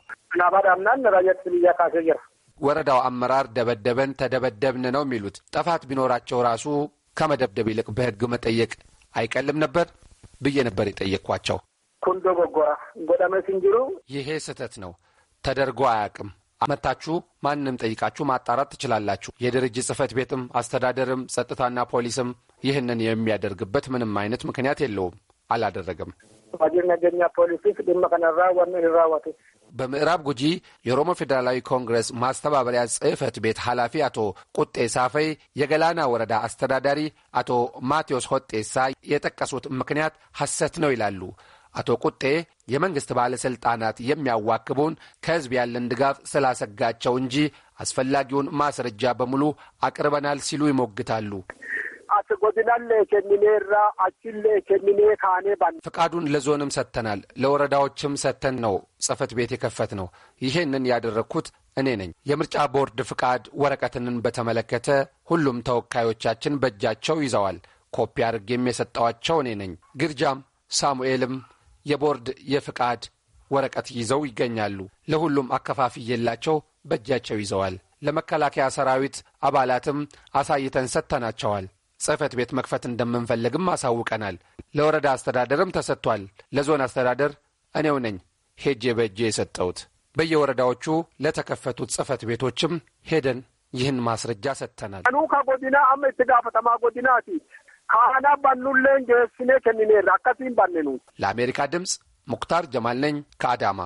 ወረዳው አመራር ደበደበን፣ ተደበደብን ነው የሚሉት። ጥፋት ቢኖራቸው ራሱ ከመደብደብ ይልቅ በህግ መጠየቅ አይቀልም ነበር ብዬ ነበር የጠየቅኳቸው። ኩንዶ ጎጎራ ጎዳመ ይሄ ስህተት ነው፣ ተደርጎ አያውቅም። መታችሁ ማንንም ጠይቃችሁ ማጣራት ትችላላችሁ። የድርጅት ጽህፈት ቤትም አስተዳደርም ጸጥታና ፖሊስም ይህንን የሚያደርግበት ምንም አይነት ምክንያት የለውም። አላደረገም። ዋጅር ነገኛ ፖሊስ ከነራ ዋነ ራዋቴ በምዕራብ ጉጂ የኦሮሞ ፌዴራላዊ ኮንግረስ ማስተባበሪያ ጽህፈት ቤት ኃላፊ አቶ ቁጤ ሳፈይ፣ የገላና ወረዳ አስተዳዳሪ አቶ ማቴዎስ ሆጤሳ የጠቀሱት ምክንያት ሐሰት ነው ይላሉ። አቶ ቁጤ የመንግሥት ባለሥልጣናት የሚያዋክቡን ከሕዝብ ያለን ድጋፍ ስላሰጋቸው እንጂ አስፈላጊውን ማስረጃ በሙሉ አቅርበናል ሲሉ ይሞግታሉ። አስጎዝናለ ከሚኔራ አችለ ከሚኔ ካኔ ባ ፍቃዱን ለዞንም ሰጥተናል፣ ለወረዳዎችም ሰጥተን ነው ጽህፈት ቤት የከፈት ነው። ይህንን ያደረግኩት እኔ ነኝ። የምርጫ ቦርድ ፍቃድ ወረቀትንን በተመለከተ ሁሉም ተወካዮቻችን በእጃቸው ይዘዋል። ኮፒ አድርጌም የሰጠዋቸው እኔ ነኝ። ግርጃም ሳሙኤልም የቦርድ የፍቃድ ወረቀት ይዘው ይገኛሉ። ለሁሉም የላቸው በእጃቸው ይዘዋል። ለመከላከያ ሰራዊት አባላትም አሳይተን ሰጥተናቸዋል። ጽህፈት ቤት መክፈት እንደምንፈልግም አሳውቀናል። ለወረዳ አስተዳደርም ተሰጥቷል። ለዞን አስተዳደር እኔው ነኝ ሄጄ በእጄ የሰጠሁት። በየወረዳዎቹ ለተከፈቱት ጽህፈት ቤቶችም ሄደን ይህን ማስረጃ ሰጥተናል። ኑካ ጎዲና አመ የተጋፈጠማ ጎዲናቲ ከአና ባኑለን ጀስኔ ከኒኔር አካሲም ባኔኑ ለአሜሪካ ድምፅ ሙክታር ጀማል ነኝ ከአዳማ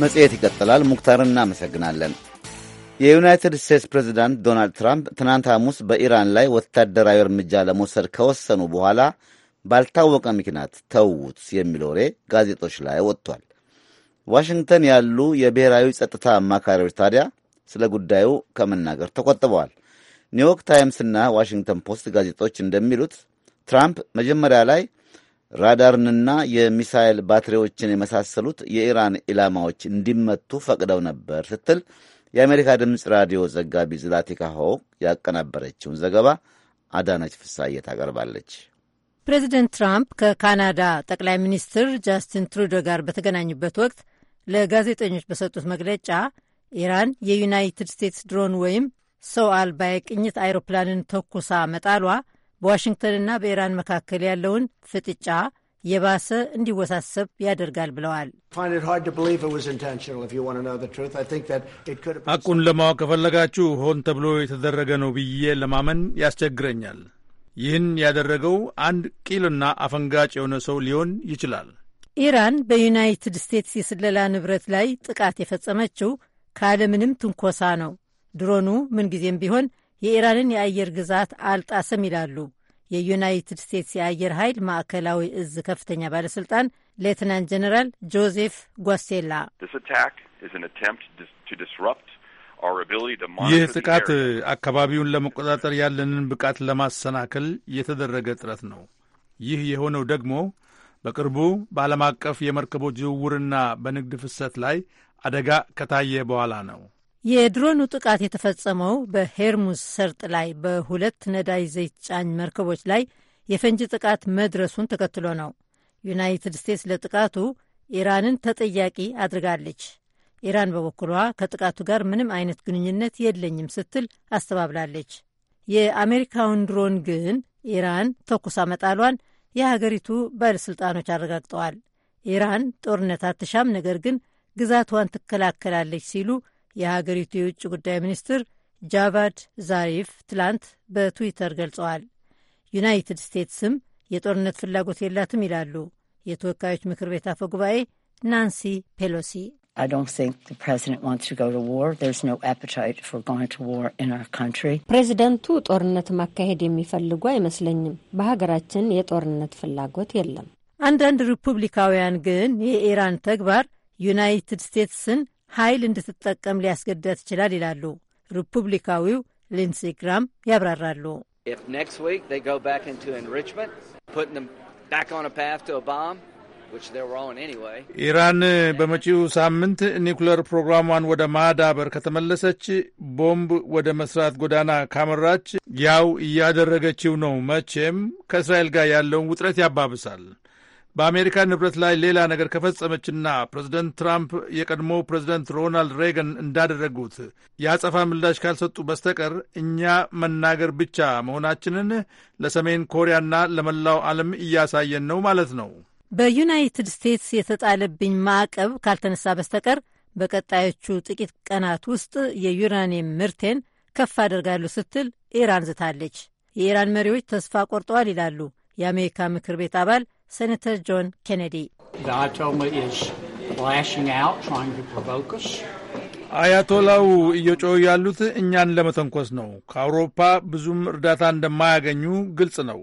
መጽሔት ይቀጥላል። ሙክታር እናመሰግናለን። የዩናይትድ ስቴትስ ፕሬዚዳንት ዶናልድ ትራምፕ ትናንት ሐሙስ በኢራን ላይ ወታደራዊ እርምጃ ለመውሰድ ከወሰኑ በኋላ ባልታወቀ ምክንያት ተዉት የሚል ወሬ ጋዜጦች ላይ ወጥቷል። ዋሽንግተን ያሉ የብሔራዊ ጸጥታ አማካሪዎች ታዲያ ስለ ጉዳዩ ከመናገር ተቆጥበዋል። ኒውዮርክ ታይምስና ዋሽንግተን ፖስት ጋዜጦች እንደሚሉት ትራምፕ መጀመሪያ ላይ ራዳርንና የሚሳይል ባትሪዎችን የመሳሰሉት የኢራን ኢላማዎች እንዲመቱ ፈቅደው ነበር ስትል የአሜሪካ ድምፅ ራዲዮ ዘጋቢ ዝላቲካ ሆክ ያቀናበረችውን ዘገባ አዳነች ፍሳዬ ታቀርባለች። ፕሬዚደንት ትራምፕ ከካናዳ ጠቅላይ ሚኒስትር ጃስቲን ትሩዶ ጋር በተገናኙበት ወቅት ለጋዜጠኞች በሰጡት መግለጫ ኢራን የዩናይትድ ስቴትስ ድሮን ወይም ሰው አልባ የቅኝት አይሮፕላንን ተኩሳ መጣሏ በዋሽንግተንና በኢራን መካከል ያለውን ፍጥጫ የባሰ እንዲወሳሰብ ያደርጋል ብለዋል። አቁን ለማወቅ ከፈለጋችሁ ሆን ተብሎ የተደረገ ነው ብዬ ለማመን ያስቸግረኛል። ይህን ያደረገው አንድ ቂልና አፈንጋጭ የሆነ ሰው ሊሆን ይችላል። ኢራን በዩናይትድ ስቴትስ የስለላ ንብረት ላይ ጥቃት የፈጸመችው ካለምንም ትንኮሳ ነው። ድሮኑ ምንጊዜም ቢሆን የኢራንን የአየር ግዛት አልጣሰም ይላሉ የዩናይትድ ስቴትስ የአየር ኃይል ማዕከላዊ እዝ ከፍተኛ ባለስልጣን ሌትናንት ጀነራል ጆዜፍ ጓሴላ። ይህ ጥቃት አካባቢውን ለመቆጣጠር ያለንን ብቃት ለማሰናከል የተደረገ ጥረት ነው። ይህ የሆነው ደግሞ በቅርቡ በዓለም አቀፍ የመርከቦች ዝውውርና በንግድ ፍሰት ላይ አደጋ ከታየ በኋላ ነው። የድሮኑ ጥቃት የተፈጸመው በሄርሙዝ ሰርጥ ላይ በሁለት ነዳጅ ዘይት ጫኝ መርከቦች ላይ የፈንጂ ጥቃት መድረሱን ተከትሎ ነው። ዩናይትድ ስቴትስ ለጥቃቱ ኢራንን ተጠያቂ አድርጋለች። ኢራን በበኩሏ ከጥቃቱ ጋር ምንም አይነት ግንኙነት የለኝም ስትል አስተባብላለች። የአሜሪካውን ድሮን ግን ኢራን ተኩሳ መጣሏን የሀገሪቱ ባለሥልጣኖች አረጋግጠዋል። ኢራን ጦርነት አትሻም፣ ነገር ግን ግዛቷን ትከላከላለች ሲሉ የሀገሪቱ የውጭ ጉዳይ ሚኒስትር ጃቫድ ዛሪፍ ትላንት በትዊተር ገልጸዋል። ዩናይትድ ስቴትስም የጦርነት ፍላጎት የላትም ይላሉ የተወካዮች ምክር ቤት አፈ ጉባኤ ናንሲ ፔሎሲ። ፕሬዚደንቱ ጦርነት ማካሄድ የሚፈልጉ አይመስለኝም። በሀገራችን የጦርነት ፍላጎት የለም። አንዳንድ ሪፑብሊካውያን ግን የኢራን ተግባር ዩናይትድ ስቴትስን ኃይል እንድትጠቀም ሊያስገዳት ይችላል ይላሉ። ሪፑብሊካዊው ሊንሲ ግራም ያብራራሉ። ኢራን በመጪው ሳምንት ኒኩለር ፕሮግራሟን ወደ ማዳበር ከተመለሰች፣ ቦምብ ወደ መስራት ጎዳና ካመራች፣ ያው እያደረገችው ነው። መቼም ከእስራኤል ጋር ያለውን ውጥረት ያባብሳል። በአሜሪካ ንብረት ላይ ሌላ ነገር ከፈጸመችና ፕሬዝደንት ትራምፕ የቀድሞ ፕሬዝደንት ሮናልድ ሬገን እንዳደረጉት የአጸፋ ምላሽ ካልሰጡ በስተቀር እኛ መናገር ብቻ መሆናችንን ለሰሜን ኮሪያና ለመላው ዓለም እያሳየን ነው ማለት ነው። በዩናይትድ ስቴትስ የተጣለብኝ ማዕቀብ ካልተነሳ በስተቀር በቀጣዮቹ ጥቂት ቀናት ውስጥ የዩራኒየም ምርቴን ከፍ አደርጋሉ ስትል ኢራን ዝታለች። የኢራን መሪዎች ተስፋ ቆርጠዋል ይላሉ የአሜሪካ ምክር ቤት አባል ሴኔተር ጆን ኬኔዲ አያቶላው እየጮሁ ያሉት እኛን ለመተንኮስ ነው። ከአውሮፓ ብዙም እርዳታ እንደማያገኙ ግልጽ ነው።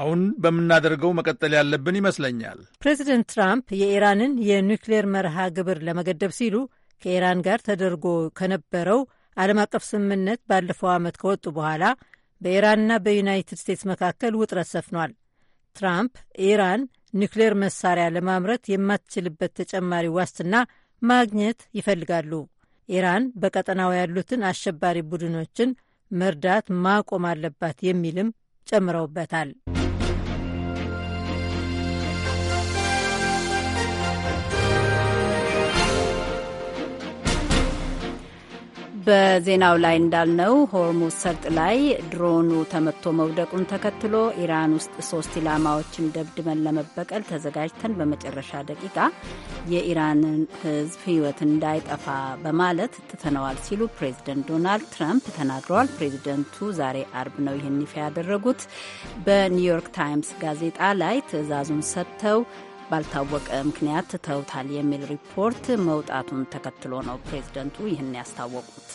አሁን በምናደርገው መቀጠል ያለብን ይመስለኛል። ፕሬዚደንት ትራምፕ የኢራንን የኒውክሌር መርሃ ግብር ለመገደብ ሲሉ ከኢራን ጋር ተደርጎ ከነበረው ዓለም አቀፍ ስምምነት ባለፈው ዓመት ከወጡ በኋላ በኢራንና በዩናይትድ ስቴትስ መካከል ውጥረት ሰፍኗል። ትራምፕ ኢራን ኒውክሌር መሳሪያ ለማምረት የማትችልበት ተጨማሪ ዋስትና ማግኘት ይፈልጋሉ። ኢራን በቀጠናው ያሉትን አሸባሪ ቡድኖችን መርዳት ማቆም አለባት የሚልም ጨምረውበታል። በዜናው ላይ እንዳልነው ሆርሙዝ ሰርጥ ላይ ድሮኑ ተመቶ መውደቁን ተከትሎ ኢራን ውስጥ ሶስት ኢላማዎችን ደብድበን ለመበቀል ተዘጋጅተን በመጨረሻ ደቂቃ የኢራንን ሕዝብ ሕይወት እንዳይጠፋ በማለት ጥተነዋል ሲሉ ፕሬዚደንት ዶናልድ ትራምፕ ተናግረዋል። ፕሬዚደንቱ ዛሬ አርብ ነው ይህን ይፋ ያደረጉት። በኒውዮርክ ታይምስ ጋዜጣ ላይ ትዕዛዙን ሰጥተው ባልታወቀ ምክንያት ተውታል የሚል ሪፖርት መውጣቱን ተከትሎ ነው ፕሬዝደንቱ ይህን ያስታወቁት።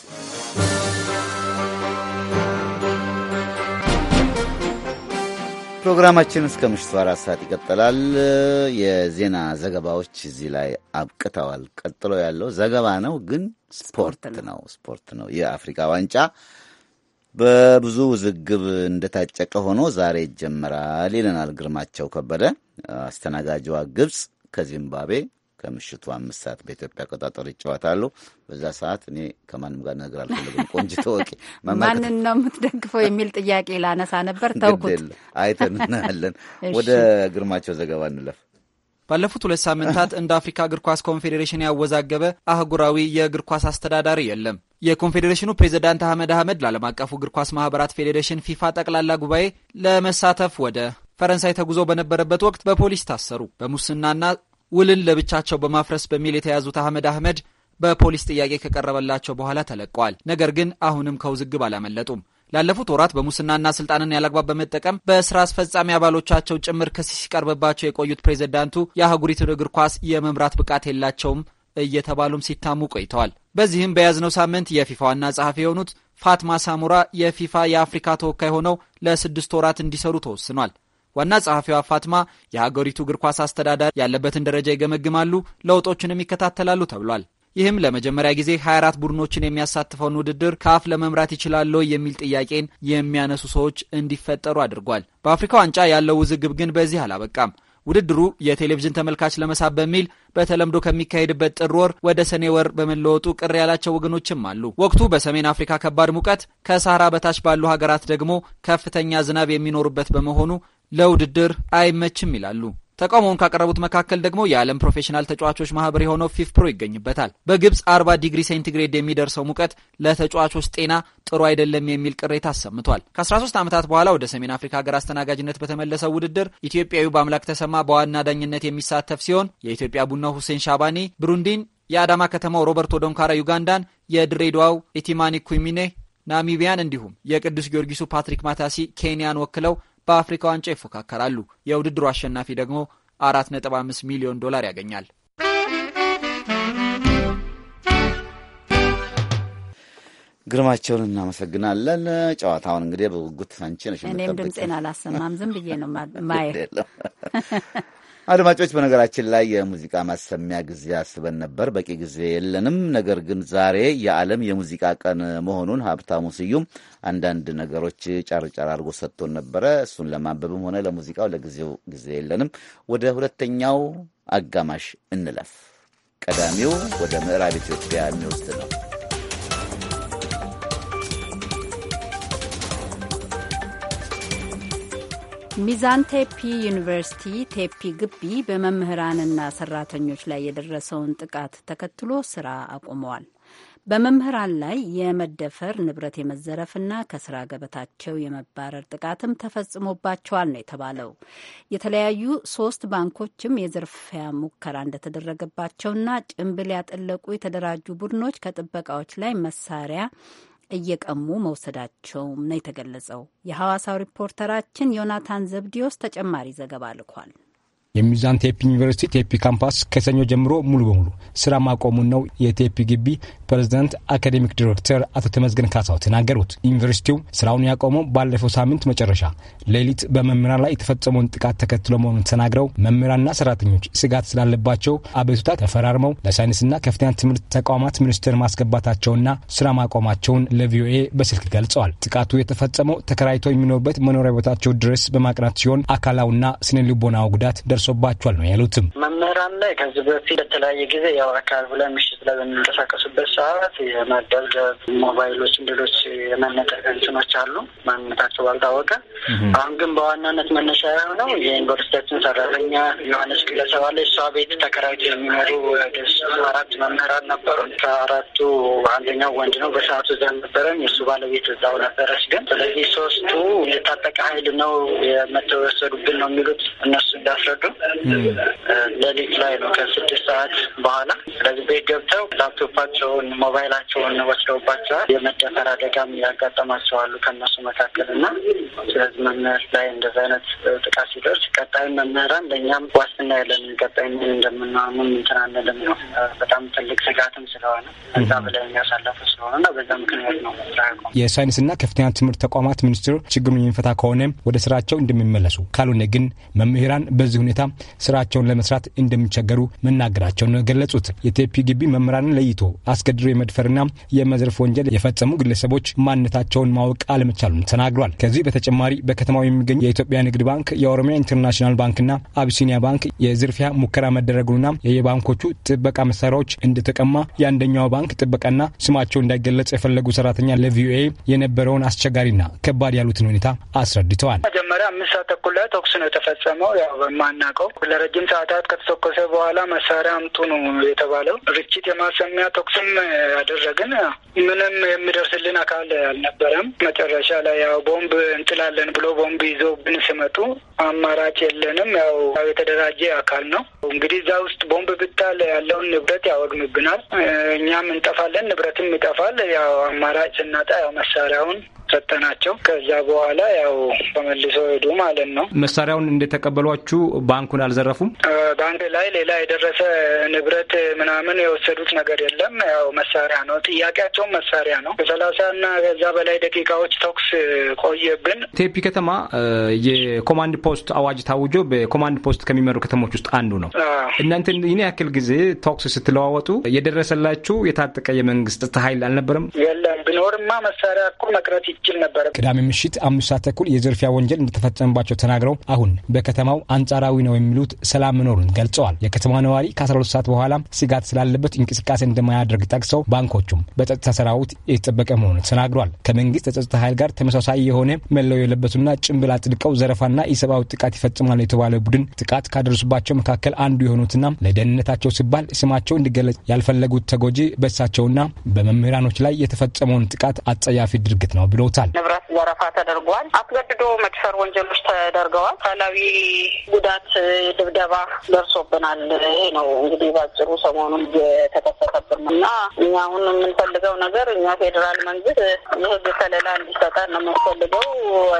ፕሮግራማችን እስከ ምሽቱ አራት ሰዓት ይቀጥላል። የዜና ዘገባዎች እዚህ ላይ አብቅተዋል። ቀጥሎ ያለው ዘገባ ነው ግን ስፖርት ነው። ስፖርት ነው የአፍሪካ ዋንጫ በብዙ ውዝግብ እንደታጨቀ ሆኖ ዛሬ ይጀመራል ይለናል ግርማቸው ከበደ። አስተናጋጅዋ ግብፅ ከዚምባብዌ ከምሽቱ አምስት ሰዓት በኢትዮጵያ አቆጣጠር ይጫወታሉ። በዛ ሰዓት እኔ ከማንም ጋር ነገር አልፈልግም። ቆንጆ ተወቂ ማንን ነው የምትደግፈው የሚል ጥያቄ ላነሳ ነበር፣ ተውኩት። አይተን እናያለን። <laughs> ወደ ግርማቸው ዘገባ እንለፍ። ባለፉት ሁለት ሳምንታት እንደ አፍሪካ እግር ኳስ ኮንፌዴሬሽን ያወዛገበ አህጉራዊ የእግር ኳስ አስተዳዳሪ የለም። የኮንፌዴሬሽኑ ፕሬዝዳንት አህመድ አህመድ ለዓለም አቀፉ እግር ኳስ ማህበራት ፌዴሬሽን ፊፋ ጠቅላላ ጉባኤ ለመሳተፍ ወደ ፈረንሳይ ተጉዞ በነበረበት ወቅት በፖሊስ ታሰሩ። በሙስናና ውልን ለብቻቸው በማፍረስ በሚል የተያዙት አህመድ አህመድ በፖሊስ ጥያቄ ከቀረበላቸው በኋላ ተለቀዋል። ነገር ግን አሁንም ከውዝግብ አላመለጡም። ላለፉት ወራት በሙስናና ስልጣንን ያላግባብ በመጠቀም በስራ አስፈጻሚ አባሎቻቸው ጭምር ክስ ሲቀርብባቸው የቆዩት ፕሬዝዳንቱ የአህጉሪቱን እግር ኳስ የመምራት ብቃት የላቸውም እየተባሉም ሲታሙ ቆይተዋል። በዚህም በያዝነው ሳምንት የፊፋ ዋና ጸሐፊ የሆኑት ፋትማ ሳሙራ የፊፋ የአፍሪካ ተወካይ ሆነው ለስድስት ወራት እንዲሰሩ ተወስኗል። ዋና ጸሐፊዋ ፋትማ የሀገሪቱ እግር ኳስ አስተዳደር ያለበትን ደረጃ ይገመግማሉ፣ ለውጦችንም ይከታተላሉ ተብሏል። ይህም ለመጀመሪያ ጊዜ 24 ቡድኖችን የሚያሳትፈውን ውድድር ካፍ ለመምራት ይችላለው የሚል ጥያቄን የሚያነሱ ሰዎች እንዲፈጠሩ አድርጓል። በአፍሪካ ዋንጫ ያለው ውዝግብ ግን በዚህ አላበቃም። ውድድሩ የቴሌቪዥን ተመልካች ለመሳብ በሚል በተለምዶ ከሚካሄድበት ጥር ወር ወደ ሰኔ ወር በመለወጡ ቅር ያላቸው ወገኖችም አሉ። ወቅቱ በሰሜን አፍሪካ ከባድ ሙቀት፣ ከሳህራ በታች ባሉ ሀገራት ደግሞ ከፍተኛ ዝናብ የሚኖሩበት በመሆኑ ለውድድር አይመችም ይላሉ። ተቃውሞውን ካቀረቡት መካከል ደግሞ የዓለም ፕሮፌሽናል ተጫዋቾች ማህበር የሆነው ፊፍፕሮ ይገኝበታል። በግብፅ 40 ዲግሪ ሴንቲግሬድ የሚደርሰው ሙቀት ለተጫዋቾች ጤና ጥሩ አይደለም የሚል ቅሬታ አሰምቷል። ከ13 ዓመታት በኋላ ወደ ሰሜን አፍሪካ ሀገር አስተናጋጅነት በተመለሰው ውድድር ኢትዮጵያዊው በአምላክ ተሰማ በዋና ዳኝነት የሚሳተፍ ሲሆን የኢትዮጵያ ቡናው ሁሴን ሻባኔ ብሩንዲን፣ የአዳማ ከተማው ሮበርቶ ዶንካራ ዩጋንዳን፣ የድሬዳዋው ኢቲማኒ ኩሚኔ ናሚቢያን እንዲሁም የቅዱስ ጊዮርጊሱ ፓትሪክ ማታሲ ኬንያን ወክለው በአፍሪካ ዋንጫ ይፎካከራሉ። የውድድሩ አሸናፊ ደግሞ 4.5 ሚሊዮን ዶላር ያገኛል። ግርማቸውን እናመሰግናለን። ጨዋታውን እንግዲህ በጉጉት አንቺ ነሽ። እኔም ድምፄን አላሰማም ዝም ብዬ ነው <laughs> ማየ አድማጮች፣ በነገራችን ላይ የሙዚቃ ማሰሚያ ጊዜ አስበን ነበር፣ በቂ ጊዜ የለንም። ነገር ግን ዛሬ የዓለም የሙዚቃ ቀን መሆኑን ሀብታሙ ስዩም አንዳንድ ነገሮች ጨርጨር አድርጎ ሰጥቶን ነበረ። እሱን ለማንበብም ሆነ ለሙዚቃው ለጊዜው ጊዜ የለንም። ወደ ሁለተኛው አጋማሽ እንለፍ። ቀዳሚው ወደ ምዕራብ ኢትዮጵያ የሚወስድ ነው። ሚዛን ቴፒ ዩኒቨርሲቲ ቴፒ ግቢ በመምህራንና ሰራተኞች ላይ የደረሰውን ጥቃት ተከትሎ ስራ አቁመዋል። በመምህራን ላይ የመደፈር ንብረት የመዘረፍና ከስራ ገበታቸው የመባረር ጥቃትም ተፈጽሞባቸዋል ነው የተባለው። የተለያዩ ሶስት ባንኮችም የዝርፊያ ሙከራ እንደተደረገባቸውና ጭንብል ያጠለቁ የተደራጁ ቡድኖች ከጥበቃዎች ላይ መሳሪያ እየቀሙ መውሰዳቸውም ነው የተገለጸው። የሐዋሳው ሪፖርተራችን ዮናታን ዘብዲዮስ ተጨማሪ ዘገባ ልኳል። የሚዛን ቴፒ ዩኒቨርሲቲ ቴፒ ካምፓስ ከሰኞ ጀምሮ ሙሉ በሙሉ ስራ ማቆሙን ነው የቴፒ ግቢ ፕሬዝዳንት አካዴሚክ ዲሬክተር አቶ ተመዝገን ካሳው ተናገሩት። ዩኒቨርሲቲው ስራውን ያቆመው ባለፈው ሳምንት መጨረሻ ሌሊት በመምህራን ላይ የተፈጸመውን ጥቃት ተከትሎ መሆኑን ተናግረው መምህራንና ሰራተኞች ስጋት ስላለባቸው አቤቱታ ተፈራርመው ለሳይንስና ከፍተኛ ትምህርት ተቋማት ሚኒስቴር ማስገባታቸውና ስራ ማቆማቸውን ለቪኦኤ በስልክ ገልጸዋል። ጥቃቱ የተፈጸመው ተከራይቶ የሚኖሩበት መኖሪያ ቦታቸው ድረስ በማቅናት ሲሆን አካላውና ስነ ልቦናው ጉዳት ደርሷል ደርሶባቸዋል ነው ያሉትም። መምህራን ላይ ከዚህ በፊት በተለያየ ጊዜ ያው አካባቢ ላይ ምሽት ላይ በሚንቀሳቀሱበት ሰዓት የመደብደብ ሞባይሎች ሌሎች የመነጠቅ እንትኖች አሉ ማንነታቸው ባልታወቀ። አሁን ግን በዋናነት መነሻ የሆነው የዩኒቨርሲቲያችን ሰራተኛ የሆነች ግለሰብ አለ። እሷ ቤት ተከራይቶ የሚኖሩ አራት መምህራን ነበሩ። ከአራቱ አንደኛው ወንድ ነው። በሰዓቱ እዛ ነበረን። የእሱ ባለቤት እዛው ነበረች። ግን ስለዚህ ሶስቱ የታጠቀ ኃይል ነው የመተወሰዱብን ነው የሚሉት እነሱ እንዳስረዱ ነው። ሌሊት ላይ ነው ከስድስት ሰዓት በኋላ። ስለዚህ ቤት ገብተው ላፕቶፓቸውን፣ ሞባይላቸውን ወስደውባቸዋል። የመደፈር አደጋም ያጋጠማቸዋሉ ከእነሱ መካከል እና ስለዚህ መምህር ላይ እንደዚህ አይነት ጥቃት ሲደርስ ቀጣይ መምህራን ለእኛም ዋስትና የለንም። ቀጣይ ምን እንደምናምን ነው በጣም ትልቅ ስጋትም ስለሆነ እዛ ብላይ የሚያሳለፉ ስለሆነ እና በዛ ምክንያት ነው የሳይንስና ከፍተኛ ትምህርት ተቋማት ሚኒስትሩ ችግሩን የሚፈታ ከሆነ ወደ ስራቸው እንደሚመለሱ ካልሆነ ግን መምህራን በዚህ ሁኔታ ሁኔታ ስራቸውን ለመስራት እንደሚቸገሩ መናገራቸውን ነው የገለጹት። የቴፒ ግቢ መምህራንን ለይቶ አስገድዶ የመድፈርና የመዝረፍ ወንጀል የፈጸሙ ግለሰቦች ማንነታቸውን ማወቅ አለመቻሉን ተናግሯል። ከዚህ በተጨማሪ በከተማው የሚገኙ የኢትዮጵያ ንግድ ባንክ፣ የኦሮሚያ ኢንተርናሽናል ባንክና አቢሲኒያ ባንክ የዝርፊያ ሙከራ መደረጉንና የባንኮቹ ጥበቃ መሳሪያዎች እንደተቀማ የአንደኛው ባንክ ጥበቃና ስማቸው እንዳይገለጽ የፈለጉ ሰራተኛ ለቪኦኤ የነበረውን አስቸጋሪና ከባድ ያሉትን ሁኔታ አስረድተዋል። መጀመሪያ አምስት ሰዓት ተኩል ላይ ተኩስ ነው የተፈጸመው። ያው በማና የምናውቀው። ለረጅም ሰዓታት ከተተኮሰ በኋላ መሳሪያ አምጡ ነው የተባለው። ርችት የማሰሚያ ተኩስም ያደረግን ምንም የሚደርስልን አካል አልነበረም። መጨረሻ ላይ ያው ቦምብ እንጥላለን ብሎ ቦምብ ይዞ ብን ስመጡ አማራጭ የለንም። ያው የተደራጀ አካል ነው እንግዲህ እዛ ውስጥ ቦምብ ብጣል ያለውን ንብረት ያወድምብናል። እኛም እንጠፋለን፣ ንብረትም ይጠፋል። ያው አማራጭ ስናጣ ያው መሳሪያውን ሰጠናቸው። ከዛ በኋላ ያው ተመልሰው ሄዱ ማለት ነው። መሳሪያውን እንደተቀበሏችሁ ባንኩን አልዘረፉም። ባንክ ላይ ሌላ የደረሰ ንብረት ምናምን የወሰዱት ነገር የለም። ያው መሳሪያ ነው ጥያቄያቸውም መሳሪያ ነው። ከሰላሳ እና ከዛ በላይ ደቂቃዎች ተኩስ ቆየብን። ቴፒ ከተማ የኮማንድ ፖስት አዋጅ ታውጆ በኮማንድ ፖስት ከሚመሩ ከተሞች ውስጥ አንዱ ነው። እናንተ ይህን ያክል ጊዜ ተኩስ ስትለዋወጡ የደረሰላችሁ የታጠቀ የመንግስት ኃይል አልነበረም? የለም። ቢኖርማ መሳሪያ እኮ መቅረት ይችል ነበረ። ቅዳሜ ምሽት አምስት ሰዓት ተኩል የዝርፊያ ወንጀል እንደተፈጸመባቸው ተናግረው አሁን በከተማው አንጻራዊ ነው የሚሉት ሰላም መኖሩን ገልጸዋል። የከተማ ነዋሪ ከ12 ሰዓት በኋላ ስጋት ስላለበት እንቅስቃሴ እንደማያደርግ ጠቅሰው ባንኮቹም በጸጥታ ሰራዊት የተጠበቀ መሆኑን ተናግሯል። ከመንግስት የጸጥታ ኃይል ጋር ተመሳሳይ የሆነ መለው የለበሱና ጭንብል አጥልቀው ዘረፋና የሰብአዊ ጥቃት ይፈጽማሉ የተባለ ቡድን ጥቃት ካደረሱባቸው መካከል አንዱ የሆኑትና ለደህንነታቸው ሲባል ስማቸው እንዲገለጽ ያልፈለጉት ተጎጂ በእሳቸውና በመምህራኖች ላይ የተፈጸመውን ጥቃት አጸያፊ ድርጊት ነው ብሎ አውግዘውታል። ንብረት ዘረፋ ተደርጓል። አስገድዶ መድፈር ወንጀሎች ተደርገዋል። አካላዊ ጉዳት፣ ድብደባ ደርሶብናል። ይሄ ነው እንግዲህ ባጭሩ ሰሞኑን የተከሰተብን እና እኛ አሁን የምንፈልገው ነገር እኛ ፌዴራል መንግስት የህግ ከለላ እንዲሰጠን ነው የምንፈልገው።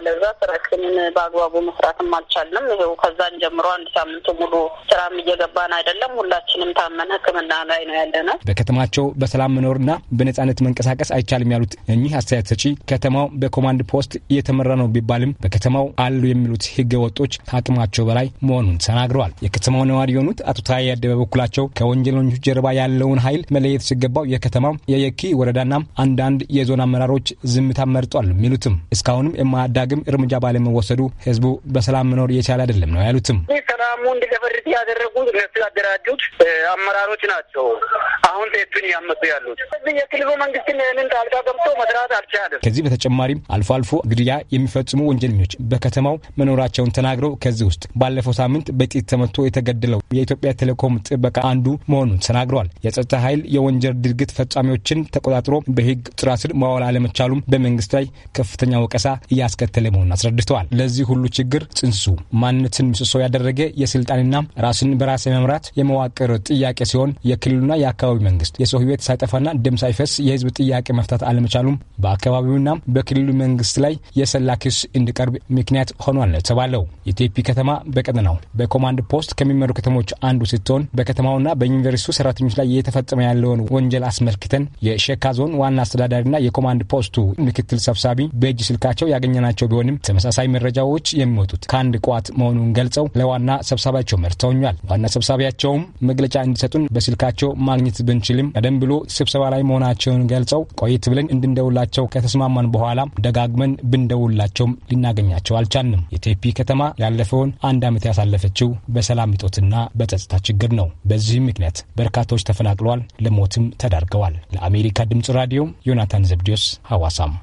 ለዛ ስራችንን በአግባቡ መስራትም አልቻልንም። ይኸው ከዛን ጀምሮ አንድ ሳምንት ሙሉ ስራም እየገባን አይደለም። ሁላችንም ታመን ህክምና ላይ ነው ያለነው። በከተማቸው በሰላም መኖርና በነጻነት መንቀሳቀስ አይቻልም ያሉት እኚህ አስተያየት ሰጪ ከተማ ከተማው በኮማንድ ፖስት እየተመራ ነው ቢባልም በከተማው አሉ የሚሉት ህገ ወጦች ከአቅማቸው በላይ መሆኑን ተናግረዋል። የከተማው ነዋሪ የሆኑት አቶ ታዬ ያደ በበኩላቸው ከወንጀለኞቹ ጀርባ ያለውን ኃይል መለየት ሲገባው የከተማው የየኪ ወረዳና አንዳንድ የዞን አመራሮች ዝምታ መርጧል የሚሉትም እስካሁንም የማያዳግም እርምጃ ባለመወሰዱ ህዝቡ በሰላም መኖር የቻለ አይደለም ነው ያሉትም። ሰላሙ እንዲደፈርስ ያደረጉት እነሱ ያደራጁት አመራሮች ናቸው። አሁን ሴቱን ያመጡ ያሉት የክልሉ መንግስትን ይህንን ጣልቃ ገብቶ መስራት አልቻለም። ከዚህ በተጨ በተጨማሪም አልፎ አልፎ ግድያ የሚፈጽሙ ወንጀለኞች በከተማው መኖራቸውን ተናግረው ከዚህ ውስጥ ባለፈው ሳምንት በጥይት ተመቶ የተገደለው የኢትዮጵያ ቴሌኮም ጥበቃ አንዱ መሆኑን ተናግረዋል። የጸጥታ ኃይል የወንጀል ድርጊት ፈጻሚዎችን ተቆጣጥሮ በህግ ጥራ ስር ማዋል አለመቻሉም በመንግስት ላይ ከፍተኛ ወቀሳ እያስከተለ መሆኑን አስረድተዋል። ለዚህ ሁሉ ችግር ጽንሱ ማንነትን ምሰሶ ያደረገ የስልጣንና ራስን በራስ የመምራት የመዋቅር ጥያቄ ሲሆን የክልሉና የአካባቢው መንግስት የሰው ህይወት ሳይጠፋና ደም ሳይፈስ የህዝብ ጥያቄ መፍታት አለመቻሉም በአካባቢውና በ በክልሉ መንግስት ላይ የሰላ ክስ እንዲቀርብ ምክንያት ሆኗል ተባለው። የቴፒ ከተማ በቀጠናው በኮማንድ ፖስት ከሚመሩ ከተሞች አንዱ ስትሆን በከተማውና በዩኒቨርሲቲ ሰራተኞች ላይ እየተፈጸመ ያለውን ወንጀል አስመልክተን የሸካ ዞን ዋና አስተዳዳሪና የኮማንድ ፖስቱ ምክትል ሰብሳቢ በእጅ ስልካቸው ያገኘናቸው ቢሆንም ተመሳሳይ መረጃዎች የሚወጡት ከአንድ ቋት መሆኑን ገልጸው ለዋና ሰብሳቢያቸው መርተውኛል። ዋና ሰብሳቢያቸውም መግለጫ እንዲሰጡን በስልካቸው ማግኘት ብንችልም ቀደም ብሎ ስብሰባ ላይ መሆናቸውን ገልጸው ቆየት ብለን እንድንደውላቸው ከተስማማን በ በኋላ ደጋግመን ብንደውላቸውም ሊናገኛቸው አልቻልንም። የቴፒ ከተማ ያለፈውን አንድ ዓመት ያሳለፈችው በሰላም እጦትና በጸጥታ ችግር ነው። በዚህም ምክንያት በርካቶች ተፈናቅለዋል፣ ለሞትም ተዳርገዋል። ለአሜሪካ ድምጽ ራዲዮ ዮናታን ዘብዲዮስ ሐዋሳም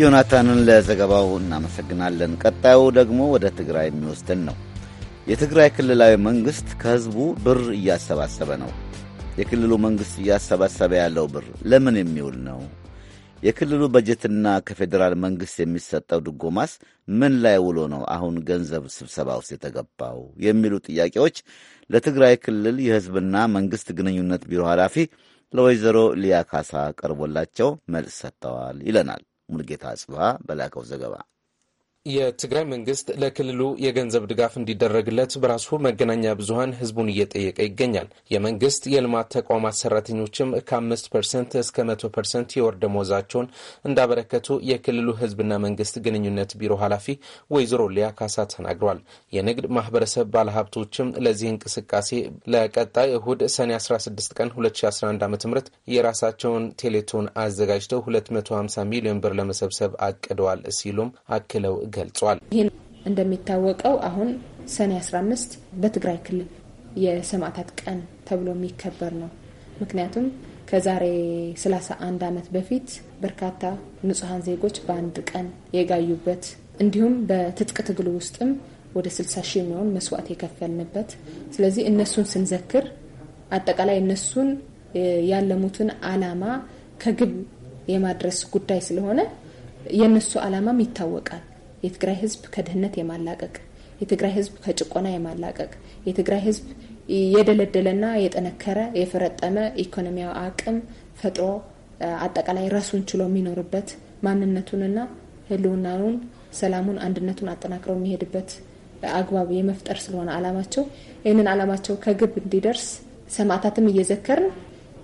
ዮናታንን ለዘገባው እናመሰግናለን። ቀጣዩ ደግሞ ወደ ትግራይ የሚወስደን ነው። የትግራይ ክልላዊ መንግሥት ከሕዝቡ ብር እያሰባሰበ ነው። የክልሉ መንግሥት እያሰባሰበ ያለው ብር ለምን የሚውል ነው? የክልሉ በጀትና ከፌዴራል መንግሥት የሚሰጠው ድጎማስ ምን ላይ ውሎ ነው አሁን ገንዘብ ስብሰባ ውስጥ የተገባው? የሚሉ ጥያቄዎች ለትግራይ ክልል የሕዝብና መንግሥት ግንኙነት ቢሮ ኃላፊ ለወይዘሮ ሊያ ካሳ ቀርቦላቸው መልስ ሰጥተዋል ይለናል ሙልጌታ ጽባ በላከው ዘገባ የትግራይ መንግስት ለክልሉ የገንዘብ ድጋፍ እንዲደረግለት በራሱ መገናኛ ብዙሀን ህዝቡን እየጠየቀ ይገኛል። የመንግስት የልማት ተቋማት ሰራተኞችም ከአምስት ፐርሰንት እስከ መቶ ፐርሰንት የወር ደመወዛቸውን እንዳበረከቱ የክልሉ ህዝብና መንግስት ግንኙነት ቢሮ ኃላፊ ወይዘሮ ሊያ ካሳ ተናግሯል። የንግድ ማህበረሰብ ባለሀብቶችም ለዚህ እንቅስቃሴ ለቀጣይ እሁድ ሰኔ 16 ቀን 2011 ዓ.ም የራሳቸውን ቴሌቶን አዘጋጅተው 250 ሚሊዮን ብር ለመሰብሰብ አቅደዋል ሲሉም አክለው ገልጿል። ይህን እንደሚታወቀው አሁን ሰኔ 15 በትግራይ ክልል የሰማዕታት ቀን ተብሎ የሚከበር ነው። ምክንያቱም ከዛሬ 31 ዓመት በፊት በርካታ ንጹሐን ዜጎች በአንድ ቀን የጋዩበት እንዲሁም በትጥቅ ትግል ውስጥም ወደ 60 ሺህ የሚሆን መስዋዕት የከፈልንበት። ስለዚህ እነሱን ስንዘክር አጠቃላይ እነሱን ያለሙትን አላማ ከግብ የማድረስ ጉዳይ ስለሆነ የእነሱ አላማም ይታወቃል። የትግራይ ህዝብ ከድህነት የማላቀቅ የትግራይ ህዝብ ከጭቆና የማላቀቅ የትግራይ ህዝብ የደለደለና የጠነከረ የፈረጠመ ኢኮኖሚያዊ አቅም ፈጥሮ አጠቃላይ ራሱን ችሎ የሚኖርበት ማንነቱንና ህልውናውን፣ ሰላሙን፣ አንድነቱን አጠናክሮ የሚሄድበት አግባብ የመፍጠር ስለሆነ አላማቸው ይህንን አላማቸው ከግብ እንዲደርስ ሰማዕታትም እየዘከርን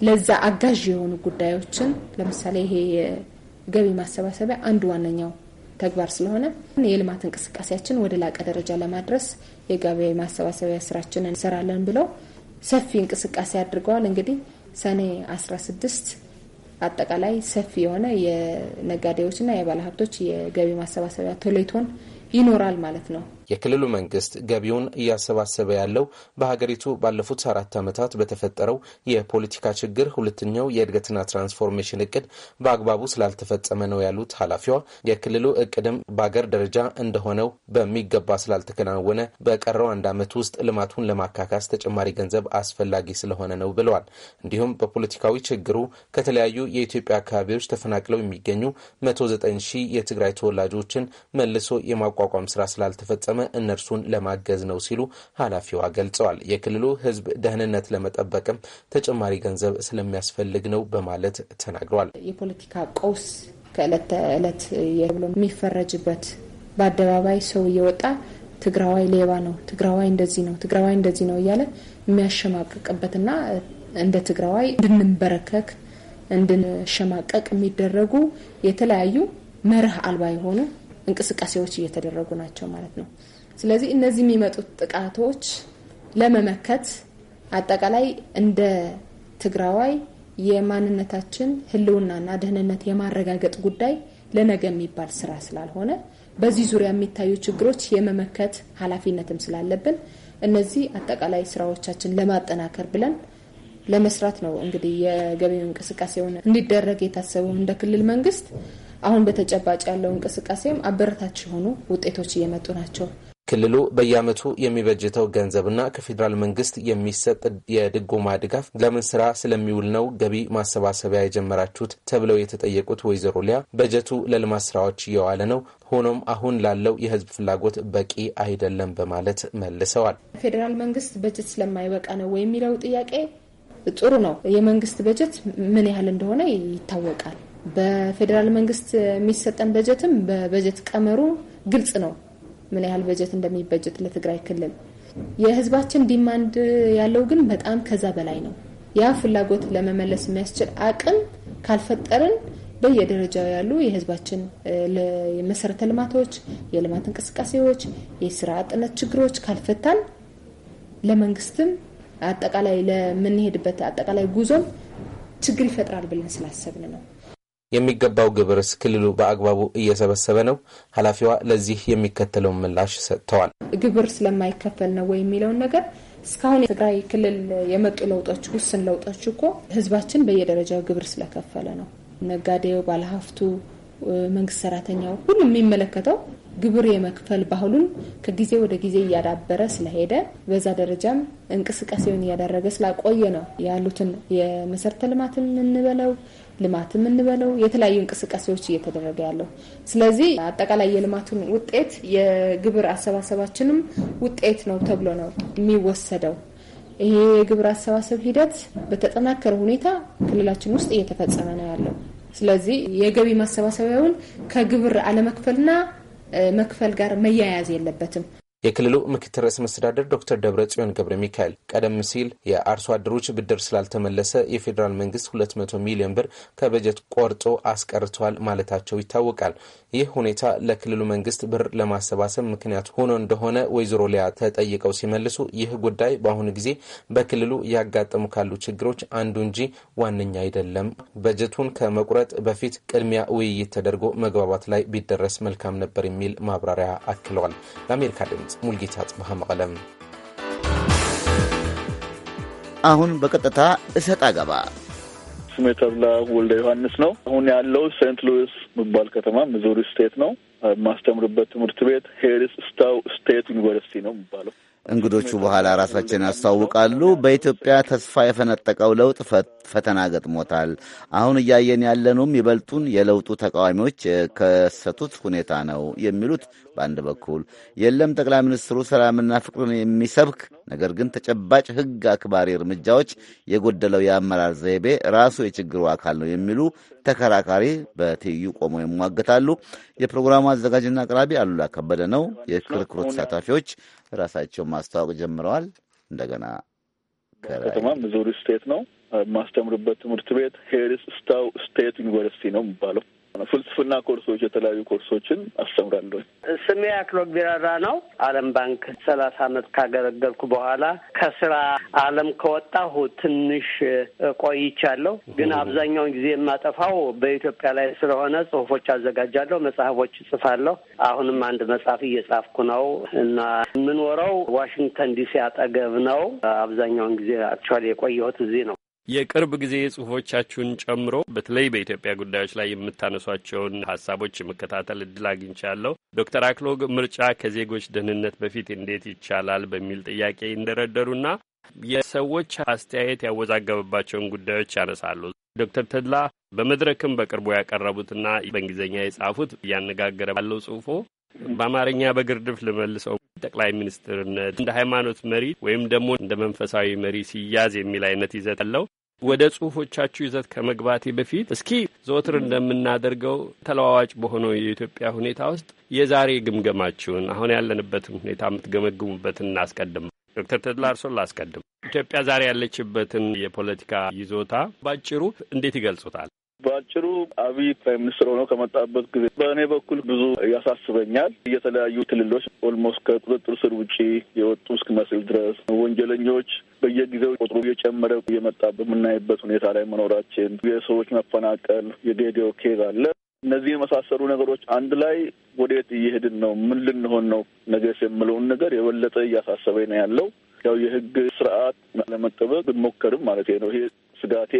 ለዛ አጋዥ የሆኑ ጉዳዮችን ለምሳሌ ይሄ የገቢ ማሰባሰቢያ አንዱ ዋነኛው ተግባር ስለሆነ የልማት እንቅስቃሴያችን ወደ ላቀ ደረጃ ለማድረስ የገበያ ማሰባሰቢያ ስራችንን እንሰራለን ብለው ሰፊ እንቅስቃሴ አድርገዋል። እንግዲህ ሰኔ 16 አጠቃላይ ሰፊ የሆነ የነጋዴዎችና የባለሀብቶች የገቢ ማሰባሰቢያ ቶሌቶን ይኖራል ማለት ነው። የክልሉ መንግስት ገቢውን እያሰባሰበ ያለው በሀገሪቱ ባለፉት አራት ዓመታት በተፈጠረው የፖለቲካ ችግር ሁለተኛው የእድገትና ትራንስፎርሜሽን እቅድ በአግባቡ ስላልተፈጸመ ነው ያሉት ኃላፊዋ የክልሉ እቅድም በአገር ደረጃ እንደሆነው በሚገባ ስላልተከናወነ በቀረው አንድ ዓመት ውስጥ ልማቱን ለማካካስ ተጨማሪ ገንዘብ አስፈላጊ ስለሆነ ነው ብለዋል። እንዲሁም በፖለቲካዊ ችግሩ ከተለያዩ የኢትዮጵያ አካባቢዎች ተፈናቅለው የሚገኙ 109 ሺህ የትግራይ ተወላጆችን መልሶ የማቋቋም ስራ ስላልተፈጸመ ከተፈጸመ እነርሱን ለማገዝ ነው ሲሉ ኃላፊዋ ገልጸዋል። የክልሉ ህዝብ ደህንነት ለመጠበቅም ተጨማሪ ገንዘብ ስለሚያስፈልግ ነው በማለት ተናግሯል። የፖለቲካ ቀውስ ከዕለት ተዕለት ብሎ የሚፈረጅበት በአደባባይ ሰው እየወጣ ትግራዋይ ሌባ ነው፣ ትግራዋይ እንደዚህ ነው፣ ትግራዋይ እንደዚህ ነው እያለ የሚያሸማቅቅበትና እንደ ትግራዋይ እንድንበረከክ እንድንሸማቀቅ የሚደረጉ የተለያዩ መርህ አልባ የሆኑ እንቅስቃሴዎች እየተደረጉ ናቸው ማለት ነው። ስለዚህ እነዚህ የሚመጡት ጥቃቶች ለመመከት አጠቃላይ እንደ ትግራዋይ የማንነታችን ህልውናና ደህንነት የማረጋገጥ ጉዳይ ለነገ የሚባል ስራ ስላልሆነ በዚህ ዙሪያ የሚታዩ ችግሮች የመመከት ኃላፊነትም ስላለብን እነዚህ አጠቃላይ ስራዎቻችን ለማጠናከር ብለን ለመስራት ነው እንግዲህ የገቢው እንቅስቃሴውን እንዲደረግ የታሰበው እንደ ክልል መንግስት አሁን በተጨባጭ ያለው እንቅስቃሴም አበረታች የሆኑ ውጤቶች እየመጡ ናቸው። ክልሉ በየዓመቱ የሚበጅተው ገንዘብና ከፌዴራል መንግስት የሚሰጥ የድጎማ ድጋፍ ለምን ስራ ስለሚውል ነው ገቢ ማሰባሰቢያ የጀመራችሁት ተብለው የተጠየቁት ወይዘሮ ሊያ በጀቱ ለልማት ስራዎች እየዋለ ነው ሆኖም አሁን ላለው የህዝብ ፍላጎት በቂ አይደለም በማለት መልሰዋል። ፌዴራል መንግስት በጀት ስለማይበቃ ነው ወይ የሚለው ጥያቄ ጥሩ ነው። የመንግስት በጀት ምን ያህል እንደሆነ ይታወቃል። በፌዴራል መንግስት የሚሰጠን በጀትም በበጀት ቀመሩ ግልጽ ነው፣ ምን ያህል በጀት እንደሚበጀት ለትግራይ ክልል። የህዝባችን ዲማንድ ያለው ግን በጣም ከዛ በላይ ነው። ያ ፍላጎት ለመመለስ የሚያስችል አቅም ካልፈጠርን በየደረጃው ያሉ የህዝባችን የመሰረተ ልማቶች፣ የልማት እንቅስቃሴዎች፣ የስራ አጥነት ችግሮች ካልፈታን ለመንግስትም አጠቃላይ ለምንሄድበት አጠቃላይ ጉዞም ችግር ይፈጥራል ብለን ስላሰብን ነው። የሚገባው ግብርስ ክልሉ በአግባቡ እየሰበሰበ ነው? ኃላፊዋ ለዚህ የሚከተለውን ምላሽ ሰጥተዋል። ግብር ስለማይከፈል ነው ወይ የሚለውን ነገር እስካሁን የትግራይ ክልል የመጡ ለውጦች፣ ውስን ለውጦች እኮ ህዝባችን በየደረጃው ግብር ስለከፈለ ነው። ነጋዴው፣ ባለሀብቱ፣ መንግስት ሰራተኛው፣ ሁሉም የሚመለከተው ግብር የመክፈል ባህሉን ከጊዜ ወደ ጊዜ እያዳበረ ስለሄደ በዛ ደረጃም እንቅስቃሴውን እያደረገ ስላቆየ ነው ያሉትን የመሰረተ ልማትን እንበለው ልማትም እንበለው የተለያዩ እንቅስቃሴዎች እየተደረገ ያለው። ስለዚህ አጠቃላይ የልማቱን ውጤት የግብር አሰባሰባችንም ውጤት ነው ተብሎ ነው የሚወሰደው። ይሄ የግብር አሰባሰብ ሂደት በተጠናከረ ሁኔታ ክልላችን ውስጥ እየተፈጸመ ነው ያለው። ስለዚህ የገቢ ማሰባሰቢያውን ከግብር አለመክፈልና መክፈል ጋር መያያዝ የለበትም። የክልሉ ምክትል ርዕሰ መስተዳደር ዶክተር ደብረ ጽዮን ገብረ ሚካኤል ቀደም ሲል የአርሶ አደሮች ብድር ስላልተመለሰ የፌዴራል መንግስት 200 ሚሊዮን ብር ከበጀት ቆርጦ አስቀርተዋል ማለታቸው ይታወቃል። ይህ ሁኔታ ለክልሉ መንግስት ብር ለማሰባሰብ ምክንያት ሆኖ እንደሆነ ወይዘሮ ሊያ ተጠይቀው ሲመልሱ ይህ ጉዳይ በአሁኑ ጊዜ በክልሉ ያጋጠሙ ካሉ ችግሮች አንዱ እንጂ ዋነኛ አይደለም። በጀቱን ከመቁረጥ በፊት ቅድሚያ ውይይት ተደርጎ መግባባት ላይ ቢደረስ መልካም ነበር የሚል ማብራሪያ አክለዋል። ለአሜሪካ ድምፅ ሙልጌታ ጽብሃ መቀለም። አሁን በቀጥታ እሰጥ አገባ ስሜ ተብላ ወልደ ዮሐንስ ነው። አሁን ያለው ሴንት ሉዊስ የሚባል ከተማ ሚዙሪ ስቴት ነው። የማስተምርበት ትምህርት ቤት ሄሪስ ስታው ስቴት ዩኒቨርሲቲ ነው የሚባለው። እንግዶቹ በኋላ ራሳቸውን ያስታውቃሉ። በኢትዮጵያ ተስፋ የፈነጠቀው ለውጥ ፈተና ገጥሞታል። አሁን እያየን ያለነውም ይበልጡን የለውጡ ተቃዋሚዎች የከሰቱት ሁኔታ ነው የሚሉት በአንድ በኩል የለም፣ ጠቅላይ ሚኒስትሩ ሰላምና ፍቅርን የሚሰብክ ነገር ግን ተጨባጭ ሕግ አክባሪ እርምጃዎች የጎደለው የአመራር ዘይቤ ራሱ የችግሩ አካል ነው የሚሉ ተከራካሪ በትይዩ ቆሞ ይሟገታሉ። የፕሮግራሙ አዘጋጅና አቅራቢ አሉላ ከበደ ነው። የክርክሩ ተሳታፊዎች ራሳቸው ማስተዋወቅ ጀምረዋል። እንደገና ከተማ ሚዙሪ ስቴት ነው የማስተምርበት ትምህርት ቤት ሄሪስ ስታው ስቴት ዩኒቨርሲቲ ነው የሚባለው። ፍልስፍና ኮርሶች፣ የተለያዩ ኮርሶችን አስተምራለሁ። ስሜ አክሎ ቢራራ ነው። ዓለም ባንክ ሰላሳ አመት ካገለገልኩ በኋላ ከስራ አለም ከወጣሁ ትንሽ ቆይቻለሁ። ግን አብዛኛውን ጊዜ የማጠፋው በኢትዮጵያ ላይ ስለሆነ ጽሁፎች አዘጋጃለሁ፣ መጽሐፎች እጽፋለሁ። አሁንም አንድ መጽሐፍ እየጻፍኩ ነው እና የምኖረው ዋሽንግተን ዲሲ አጠገብ ነው። አብዛኛውን ጊዜ አክቹዋሊ የቆየሁት እዚህ ነው። የቅርብ ጊዜ ጽሁፎቻችሁን ጨምሮ በተለይ በኢትዮጵያ ጉዳዮች ላይ የምታነሷቸውን ሀሳቦች የመከታተል እድል አግኝቻለሁ። ዶክተር አክሎግ ምርጫ ከዜጎች ደህንነት በፊት እንዴት ይቻላል በሚል ጥያቄ እንደረደሩና የሰዎች አስተያየት ያወዛገበባቸውን ጉዳዮች ያነሳሉ። ዶክተር ተድላ በመድረክም በቅርቡ ያቀረቡትና በእንግሊዝኛ የጻፉት እያነጋገረ ባለው ጽሁፎ በአማርኛ በግርድፍ ልመልሰው ጠቅላይ ሚኒስትርነት እንደ ሃይማኖት መሪ ወይም ደግሞ እንደ መንፈሳዊ መሪ ሲያዝ የሚል አይነት ይዘት አለው። ወደ ጽሁፎቻችሁ ይዘት ከመግባቴ በፊት እስኪ ዘወትር እንደምናደርገው ተለዋዋጭ በሆነው የኢትዮጵያ ሁኔታ ውስጥ የዛሬ ግምገማችሁን አሁን ያለንበትን ሁኔታ የምትገመግሙበትን እናስቀድም። ዶክተር ተድላ እርሶን ላስቀድም። ኢትዮጵያ ዛሬ ያለችበትን የፖለቲካ ይዞታ ባጭሩ እንዴት ይገልጹታል? በአጭሩ አብይ ፕራይም ሚኒስትር ሆኖ ከመጣበት ጊዜ በእኔ በኩል ብዙ ያሳስበኛል። የተለያዩ ክልሎች ኦልሞስት ከቁጥጥር ስር ውጪ የወጡ እስኪመስል ድረስ ወንጀለኞች በየጊዜው ቁጥሩ እየጨመረ እየመጣበት የምናይበት ሁኔታ ላይ መኖራችን፣ የሰዎች መፈናቀል፣ የዴዲዮ ኬዝ አለ። እነዚህ የመሳሰሉ ነገሮች አንድ ላይ ወዴት እየሄድን ነው? ምን ልንሆን ነው? ነገስ የምለውን ነገር የበለጠ እያሳሰበኝ ነው ያለው። ያው የህግ ስርዓት ለመጠበቅ ብንሞከርም ማለት ነው ይሄ ስጋቴ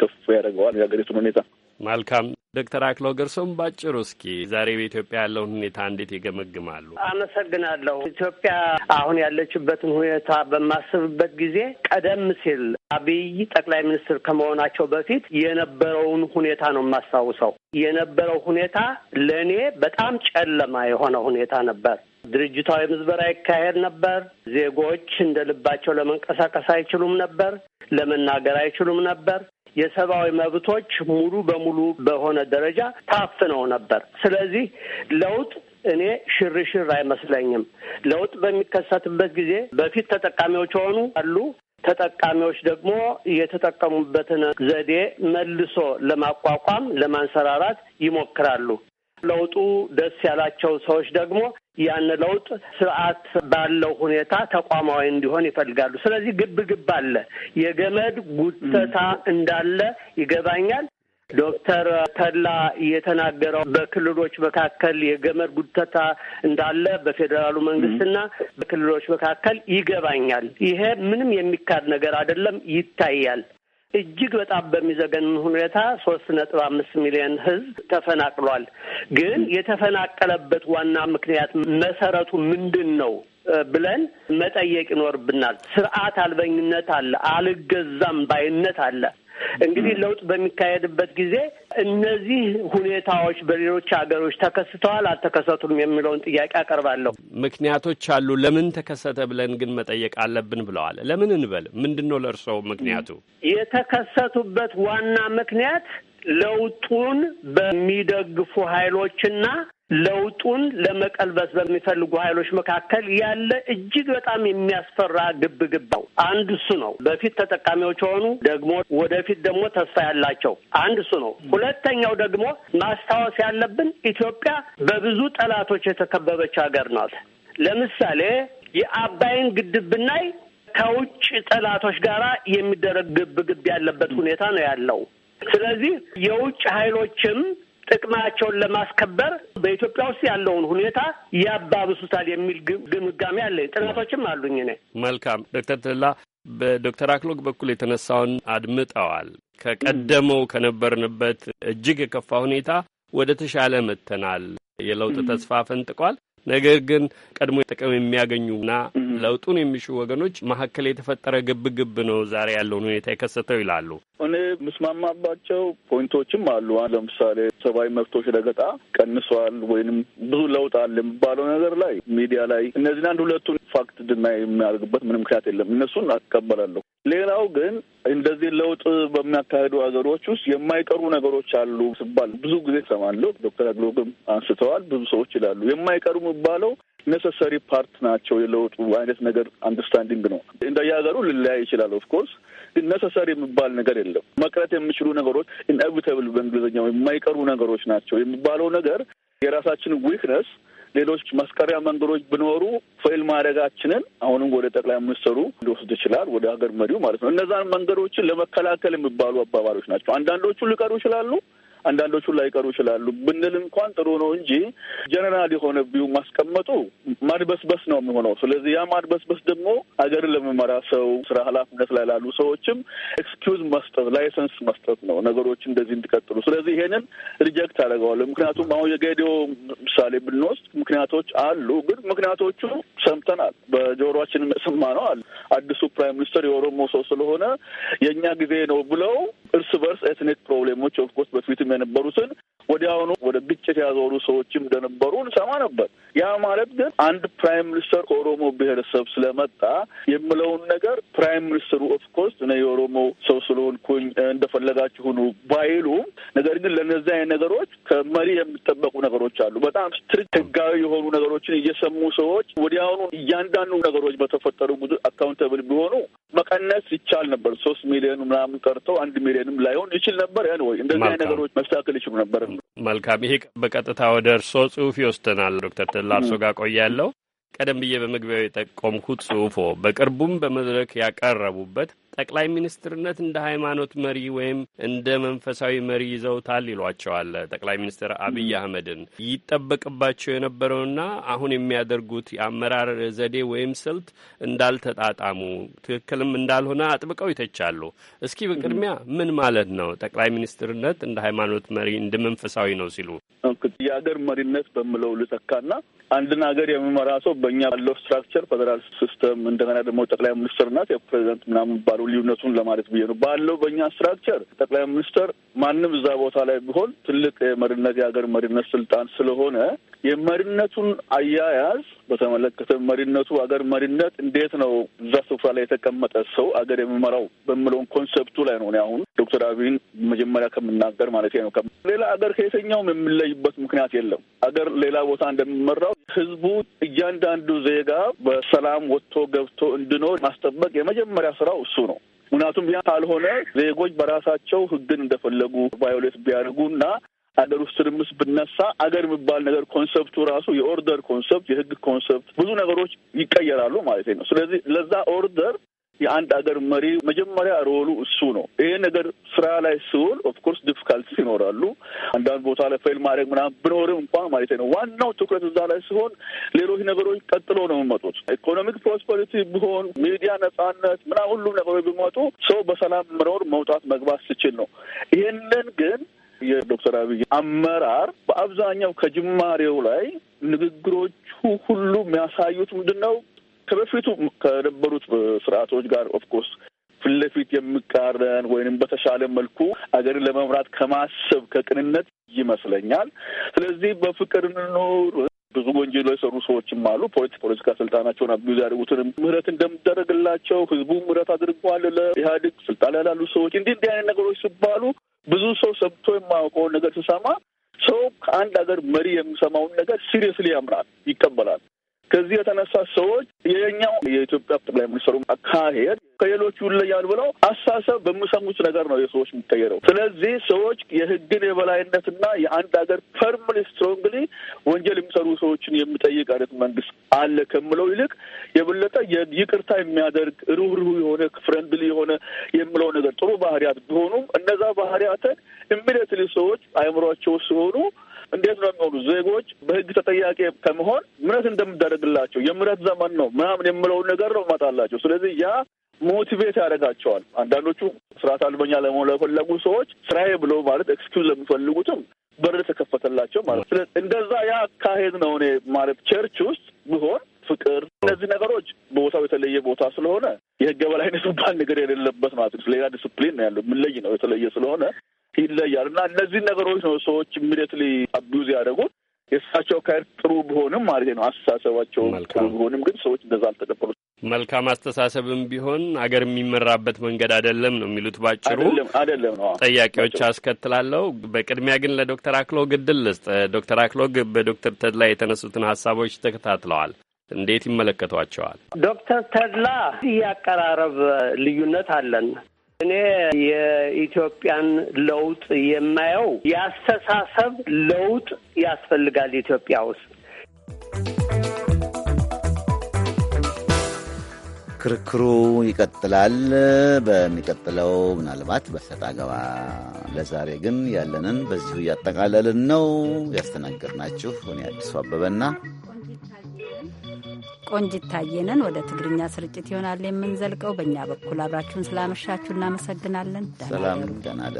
ከፍ ያደርገዋል የሀገሪቱን ሁኔታ። መልካም ዶክተር አክለው ገርሶም ባጭሩ እስኪ ዛሬ በኢትዮጵያ ያለውን ሁኔታ እንዴት ይገመግማሉ? አመሰግናለሁ። ኢትዮጵያ አሁን ያለችበትን ሁኔታ በማስብበት ጊዜ ቀደም ሲል አብይ ጠቅላይ ሚኒስትር ከመሆናቸው በፊት የነበረውን ሁኔታ ነው የማስታውሰው። የነበረው ሁኔታ ለእኔ በጣም ጨለማ የሆነ ሁኔታ ነበር። ድርጅታዊ ምዝበራ ይካሄድ ነበር። ዜጎች እንደ ልባቸው ለመንቀሳቀስ አይችሉም ነበር፣ ለመናገር አይችሉም ነበር። የሰብአዊ መብቶች ሙሉ በሙሉ በሆነ ደረጃ ታፍነው ነበር። ስለዚህ ለውጥ እኔ ሽርሽር አይመስለኝም። ለውጥ በሚከሰትበት ጊዜ በፊት ተጠቃሚዎች የሆኑ አሉ ተጠቃሚዎች ደግሞ የተጠቀሙበትን ዘዴ መልሶ ለማቋቋም ለማንሰራራት ይሞክራሉ። ለውጡ ደስ ያላቸው ሰዎች ደግሞ ያን ለውጥ ስርዓት ባለው ሁኔታ ተቋማዊ እንዲሆን ይፈልጋሉ። ስለዚህ ግብ ግብ አለ፣ የገመድ ጉተታ እንዳለ ይገባኛል። ዶክተር ተላ የተናገረው በክልሎች መካከል የገመድ ጉተታ እንዳለ በፌዴራሉ መንግስትና በክልሎች መካከል ይገባኛል። ይሄ ምንም የሚካድ ነገር አይደለም፣ ይታያል። እጅግ በጣም በሚዘገን ሁኔታ ሶስት ነጥብ አምስት ሚሊዮን ህዝብ ተፈናቅሏል። ግን የተፈናቀለበት ዋና ምክንያት መሰረቱ ምንድን ነው ብለን መጠየቅ ይኖርብናል። ስርዓት አልበኝነት አለ፣ አልገዛም ባይነት አለ። እንግዲህ ለውጥ በሚካሄድበት ጊዜ እነዚህ ሁኔታዎች በሌሎች ሀገሮች ተከስተዋል አልተከሰቱም የሚለውን ጥያቄ አቀርባለሁ። ምክንያቶች አሉ፣ ለምን ተከሰተ ብለን ግን መጠየቅ አለብን ብለዋል። ለምን እንበል ምንድን ነው ለእርስዎ ምክንያቱ? የተከሰቱበት ዋና ምክንያት ለውጡን በሚደግፉ ኃይሎችና ለውጡን ለመቀልበስ በሚፈልጉ ኃይሎች መካከል ያለ እጅግ በጣም የሚያስፈራ ግብ ግብ ነው። አንድ እሱ ነው። በፊት ተጠቃሚዎች የሆኑ ደግሞ ወደፊት ደግሞ ተስፋ ያላቸው አንድ እሱ ነው። ሁለተኛው ደግሞ ማስታወስ ያለብን ኢትዮጵያ በብዙ ጠላቶች የተከበበች ሀገር ናት። ለምሳሌ የአባይን ግድብ ብናይ ከውጭ ጠላቶች ጋር የሚደረግ ግብ ግብ ያለበት ሁኔታ ነው ያለው። ስለዚህ የውጭ ኃይሎችም ጥቅማቸውን ለማስከበር በኢትዮጵያ ውስጥ ያለውን ሁኔታ ያባብሱታል የሚል ግምጋሜ አለኝ። ጥናቶችም አሉኝ። እኔ መልካም ዶክተር ትላ በዶክተር አክሎግ በኩል የተነሳውን አድምጠዋል። ከቀደመው ከነበርንበት እጅግ የከፋ ሁኔታ ወደ ተሻለ መጥተናል። የለውጥ ተስፋ ፈንጥቋል። ነገር ግን ቀድሞ ጥቅም የሚያገኙና ለውጡን የሚሹ ወገኖች መካከል የተፈጠረ ግብ ግብ ነው ዛሬ ያለውን ሁኔታ የከሰተው ይላሉ። እኔ ምስማማባቸው ፖይንቶችም አሉ። ለምሳሌ ሰብአዊ መብቶች ረገጣ ቀንሷል ወይንም ብዙ ለውጥ አለ የሚባለው ነገር ላይ ሚዲያ ላይ እነዚህን አንድ ሁለቱን ፋክት ድና የሚያደርግበት ምንም ምክንያት የለም። እነሱን አቀበላለሁ። ሌላው ግን እንደዚህ ለውጥ በሚያካሄዱ ሀገሮች ውስጥ የማይቀሩ ነገሮች አሉ ሲባል ብዙ ጊዜ ሰማለሁ። ዶክተር አግሎግም አንስተዋል። ብዙ ሰዎች ይላሉ የማይቀሩ የሚባለው ኔሰሰሪ ፓርት ናቸው የለውጡ አይነት ነገር አንደርስታንዲንግ ነው። እንደየሀገሩ ልለያይ ይችላል። ኦፍኮርስ ግን ኔሰሰሪ የሚባል ነገር የለም። መቅረት የሚችሉ ነገሮች ኢንኤቪታብል በእንግሊዝኛው የማይቀሩ ነገሮች ናቸው የሚባለው ነገር የራሳችን ዊክነስ ሌሎች ማስቀሪያ መንገዶች ቢኖሩ ፌል ማድረጋችንን አሁንም ወደ ጠቅላይ ሚኒስትሩ ሊወስድ ይችላል፣ ወደ ሀገር መሪው ማለት ነው። እነዛን መንገዶችን ለመከላከል የሚባሉ አባባሎች ናቸው። አንዳንዶቹ ሊቀሩ ይችላሉ፣ አንዳንዶቹን ላይቀሩ ይችላሉ ብንል እንኳን ጥሩ ነው እንጂ ጀነራል የሆነ ቢው ማስቀመጡ ማድበስበስ ነው የሚሆነው። ስለዚህ ያ ማድበስበስ ደግሞ ሀገርን ለመመራ ሰው ስራ ኃላፊነት ላይ ላሉ ሰዎችም ኤክስኪውዝ መስጠት ላይሰንስ መስጠት ነው ነገሮች እንደዚህ እንዲቀጥሉ። ስለዚህ ይሄንን ሪጀክት አደርገዋለሁ። ምክንያቱም አሁን የጌዲዮ ምሳሌ ብንወስድ ምክንያቶች አሉ፣ ግን ምክንያቶቹ ሰምተናል፣ በጆሮችን ነው አለ። አዲሱ ፕራይም ሚኒስትር የኦሮሞ ሰው ስለሆነ የእኛ ጊዜ ነው ብለው እርስ በርስ ኤትኒክ ፕሮብሌሞች ኦፍኮርስ በፊትም የነበሩትን ወዲያውኑ ወደ ግጭት ያዞሩ ሰዎችም እንደነበሩ እንሰማ ነበር። ያ ማለት ግን አንድ ፕራይም ሚኒስተር ከኦሮሞ ብሔረሰብ ስለመጣ የምለውን ነገር ፕራይም ሚኒስትሩ ኦፍኮርስ እኔ የኦሮሞ ሰው ስለሆንኩኝ እንደፈለጋችሁ ሁኑ ባይሉም፣ ነገር ግን ለነዚ አይነት ነገሮች ከመሪ የሚጠበቁ ነገሮች አሉ። በጣም ስትሪክት ህጋዊ የሆኑ ነገሮችን እየሰሙ ሰዎች ወዲያውኑ እያንዳንዱ ነገሮች በተፈጠሩ ጉዞ አካውንተብል ቢሆኑ መቀነስ ይቻል ነበር። ሶስት ሚሊዮን ምናምን ቀርተው አንድ ሚሊዮንም ላይሆን ይችል ነበር። ያን ወይ እንደዚህ ነገሮች መስተካከል ይችሉ ነበር። መልካም። ይሄ በቀጥታ ወደ እርሶ ጽሁፍ ይወስደናል። ዶክተር ትላ እርሶ ጋር ቆያለሁ። ቀደም ብዬ በመግቢያው የጠቆምኩት ጽሁፎ በቅርቡም በመድረክ ያቀረቡበት ጠቅላይ ሚኒስትርነት እንደ ሃይማኖት መሪ ወይም እንደ መንፈሳዊ መሪ ይዘውታል ይሏቸዋል። ጠቅላይ ሚኒስትር አብይ አህመድን ይጠበቅባቸው የነበረውና አሁን የሚያደርጉት የአመራር ዘዴ ወይም ስልት እንዳልተጣጣሙ፣ ትክክልም እንዳልሆነ አጥብቀው ይተቻሉ። እስኪ በቅድሚያ ምን ማለት ነው ጠቅላይ ሚኒስትርነት እንደ ሃይማኖት መሪ እንደ መንፈሳዊ ነው ሲሉ የአገር መሪነት በምለው ልተካና አንድን ሀገር የሚመራ ሰው በእኛ ባለው ስትራክቸር ፌደራል ሲስተም እንደገና ደግሞ ጠቅላይ ሚኒስትርነት የፕሬዚደንት ምናምን ባሉ ነው ልዩነቱን ለማለት ብዬ ነው። ባለው በእኛ ስትራክቸር ጠቅላይ ሚኒስትር ማንም እዛ ቦታ ላይ ቢሆን ትልቅ የመሪነት የሀገር መሪነት ስልጣን ስለሆነ የመሪነቱን አያያዝ በተመለከተ መሪነቱ አገር መሪነት እንዴት ነው እዛ ስፍራ ላይ የተቀመጠ ሰው አገር የሚመራው በምለውን ኮንሰፕቱ ላይ ነው አሁን ዶክተር አብይን መጀመሪያ ከምናገር ማለት ነው። ሌላ አገር ከየተኛውም የሚለይበት ምክንያት የለም። አገር ሌላ ቦታ እንደሚመራው ህዝቡ እያንዳንዱ ዜጋ በሰላም ወጥቶ ገብቶ እንዲኖር ማስጠበቅ የመጀመሪያ ስራው እሱ ነው። ምክንያቱም ያ ካልሆነ ዜጎች በራሳቸው ህግን እንደፈለጉ ቫዮሌት ቢያደርጉ እና አገር ውስጥ ትርምስ ብነሳ አገር የሚባል ነገር ኮንሰፕቱ ራሱ የኦርደር ኮንሰፕት፣ የህግ ኮንሰፕት ብዙ ነገሮች ይቀየራሉ ማለት ነው። ስለዚህ ለዛ ኦርደር የአንድ አገር መሪ መጀመሪያ ሮሉ እሱ ነው። ይሄ ነገር ስራ ላይ ሲውል ኦፍኮርስ ዲፊካልቲስ ይኖራሉ። አንዳንድ ቦታ ላይ ፌል ማድረግ ምናምን ቢኖርም እንኳን ማለት ነው ዋናው ትኩረት እዛ ላይ ሲሆን፣ ሌሎች ነገሮች ቀጥሎ ነው የሚመጡት። ኢኮኖሚክ ፕሮስፐሪቲ ቢሆን፣ ሚዲያ ነጻነት ምናምን ሁሉም ነገሮች ቢመጡ ሰው በሰላም መኖር መውጣት መግባት ሲችል ነው። ይሄንን ግን የዶክተር አብይ አመራር በአብዛኛው ከጅማሬው ላይ ንግግሮቹ ሁሉ የሚያሳዩት ምንድን ነው? ከበፊቱ ከነበሩት ስርዓቶች ጋር ኦፍኮርስ ፊት ለፊት የሚቃረን ወይንም በተሻለ መልኩ አገርን ለመምራት ከማሰብ ከቅንነት ይመስለኛል። ስለዚህ በፍቅር እንኖር ብዙ ወንጀል የሰሩ ሰዎችም አሉ። ፖለቲካ ስልጣናቸውን አቢዩዝ ያደርጉትን ምህረት እንደምደረግላቸው ህዝቡ ምህረት አድርጓል ለኢህአዴግ ስልጣን ላይ ላሉ ሰዎች እንዲህ እንዲህ አይነት ነገሮች ሲባሉ ብዙ ሰው ሰብቶ የማያውቀውን ነገር ስሰማ ሰው ከአንድ ሀገር መሪ የሚሰማውን ነገር ሲሪየስሊ ያምራል፣ ይቀበላል። ከዚህ የተነሳ ሰዎች የኛው የኢትዮጵያ ጠቅላይ ሚኒስትሩ አካሄድ ከሌሎቹ ይለያል ብለው አሳሰብ በሚሰሙት ነገር ነው የሰዎች የሚቀየረው። ስለዚህ ሰዎች የህግን የበላይነትና የአንድ ሀገር ፐርምል ስትሮንግሊ ወንጀል የሚሰሩ ሰዎችን የሚጠይቅ አይነት መንግስት አለ ከምለው ይልቅ የበለጠ ይቅርታ የሚያደርግ ሩህሩህ የሆነ ፍሬንድሊ የሆነ የምለው ነገር ጥሩ ባህሪያት ቢሆኑም እነዛ ባህሪያትን ኢሚዲየትሊ ሰዎች አይምሯቸው ሲሆኑ እንዴት ነው የሚሆኑ ዜጎች በህግ ተጠያቂ ከመሆን ምረት እንደምታደርግላቸው የምረት ዘመን ነው ምናምን የምለውን ነገር ነው ማጣላቸው። ስለዚህ ያ ሞቲቬት ያደርጋቸዋል። አንዳንዶቹ ስርዓት አልበኛ ለመሆን ለፈለጉ ሰዎች ስራዬ ብሎ ማለት ኤክስኪውዝ ለሚፈልጉትም በር ተከፈተላቸው ማለት ነው። እንደዛ ያ አካሄድ ነው እኔ ማለት ቸርች ውስጥ ብሆን ፍቅር እነዚህ ነገሮች በቦታው የተለየ ቦታ ስለሆነ የህገ በላይነት ባል ነገር የሌለበት ማለት ሌላ ዲስፕሊን ነው ያለው የምለይ ነው የተለየ ስለሆነ ይለያል እና እነዚህን ነገሮች ነው ሰዎች ኢሚዲየትሊ አቢዩዝ ያደረጉት። የእሳቸው ካሄድ ጥሩ ቢሆንም ማለት ነው አስተሳሰባቸው ጥሩ ቢሆንም ግን ሰዎች እንደዛ አልተቀበሉት። መልካም አስተሳሰብም ቢሆን አገር የሚመራበት መንገድ አይደለም ነው የሚሉት ባጭሩ። አይደለም ነው ጥያቄዎች አስከትላለሁ። በቅድሚያ ግን ለዶክተር አክሎግ እድል ልስጥ። ዶክተር አክሎግ በዶክተር ተድላ የተነሱትን ሀሳቦች ተከታትለዋል። እንዴት ይመለከቷቸዋል? ዶክተር ተድላ አቀራረብ ልዩነት አለን እኔ የኢትዮጵያን ለውጥ የማየው የአስተሳሰብ ለውጥ ያስፈልጋል ኢትዮጵያ ውስጥ። ክርክሩ ይቀጥላል በሚቀጥለው ምናልባት በሰጥ አገባ። ለዛሬ ግን ያለንን በዚሁ እያጠቃለልን ነው። ያስተናገድናችሁ እኔ አዲሱ አበበና ቆንጅት ታየነን። ወደ ትግርኛ ስርጭት ይሆናል የምንዘልቀው። በእኛ በኩል አብራችሁን ስላመሻችሁ እናመሰግናለን። ሰላም፣ ደህና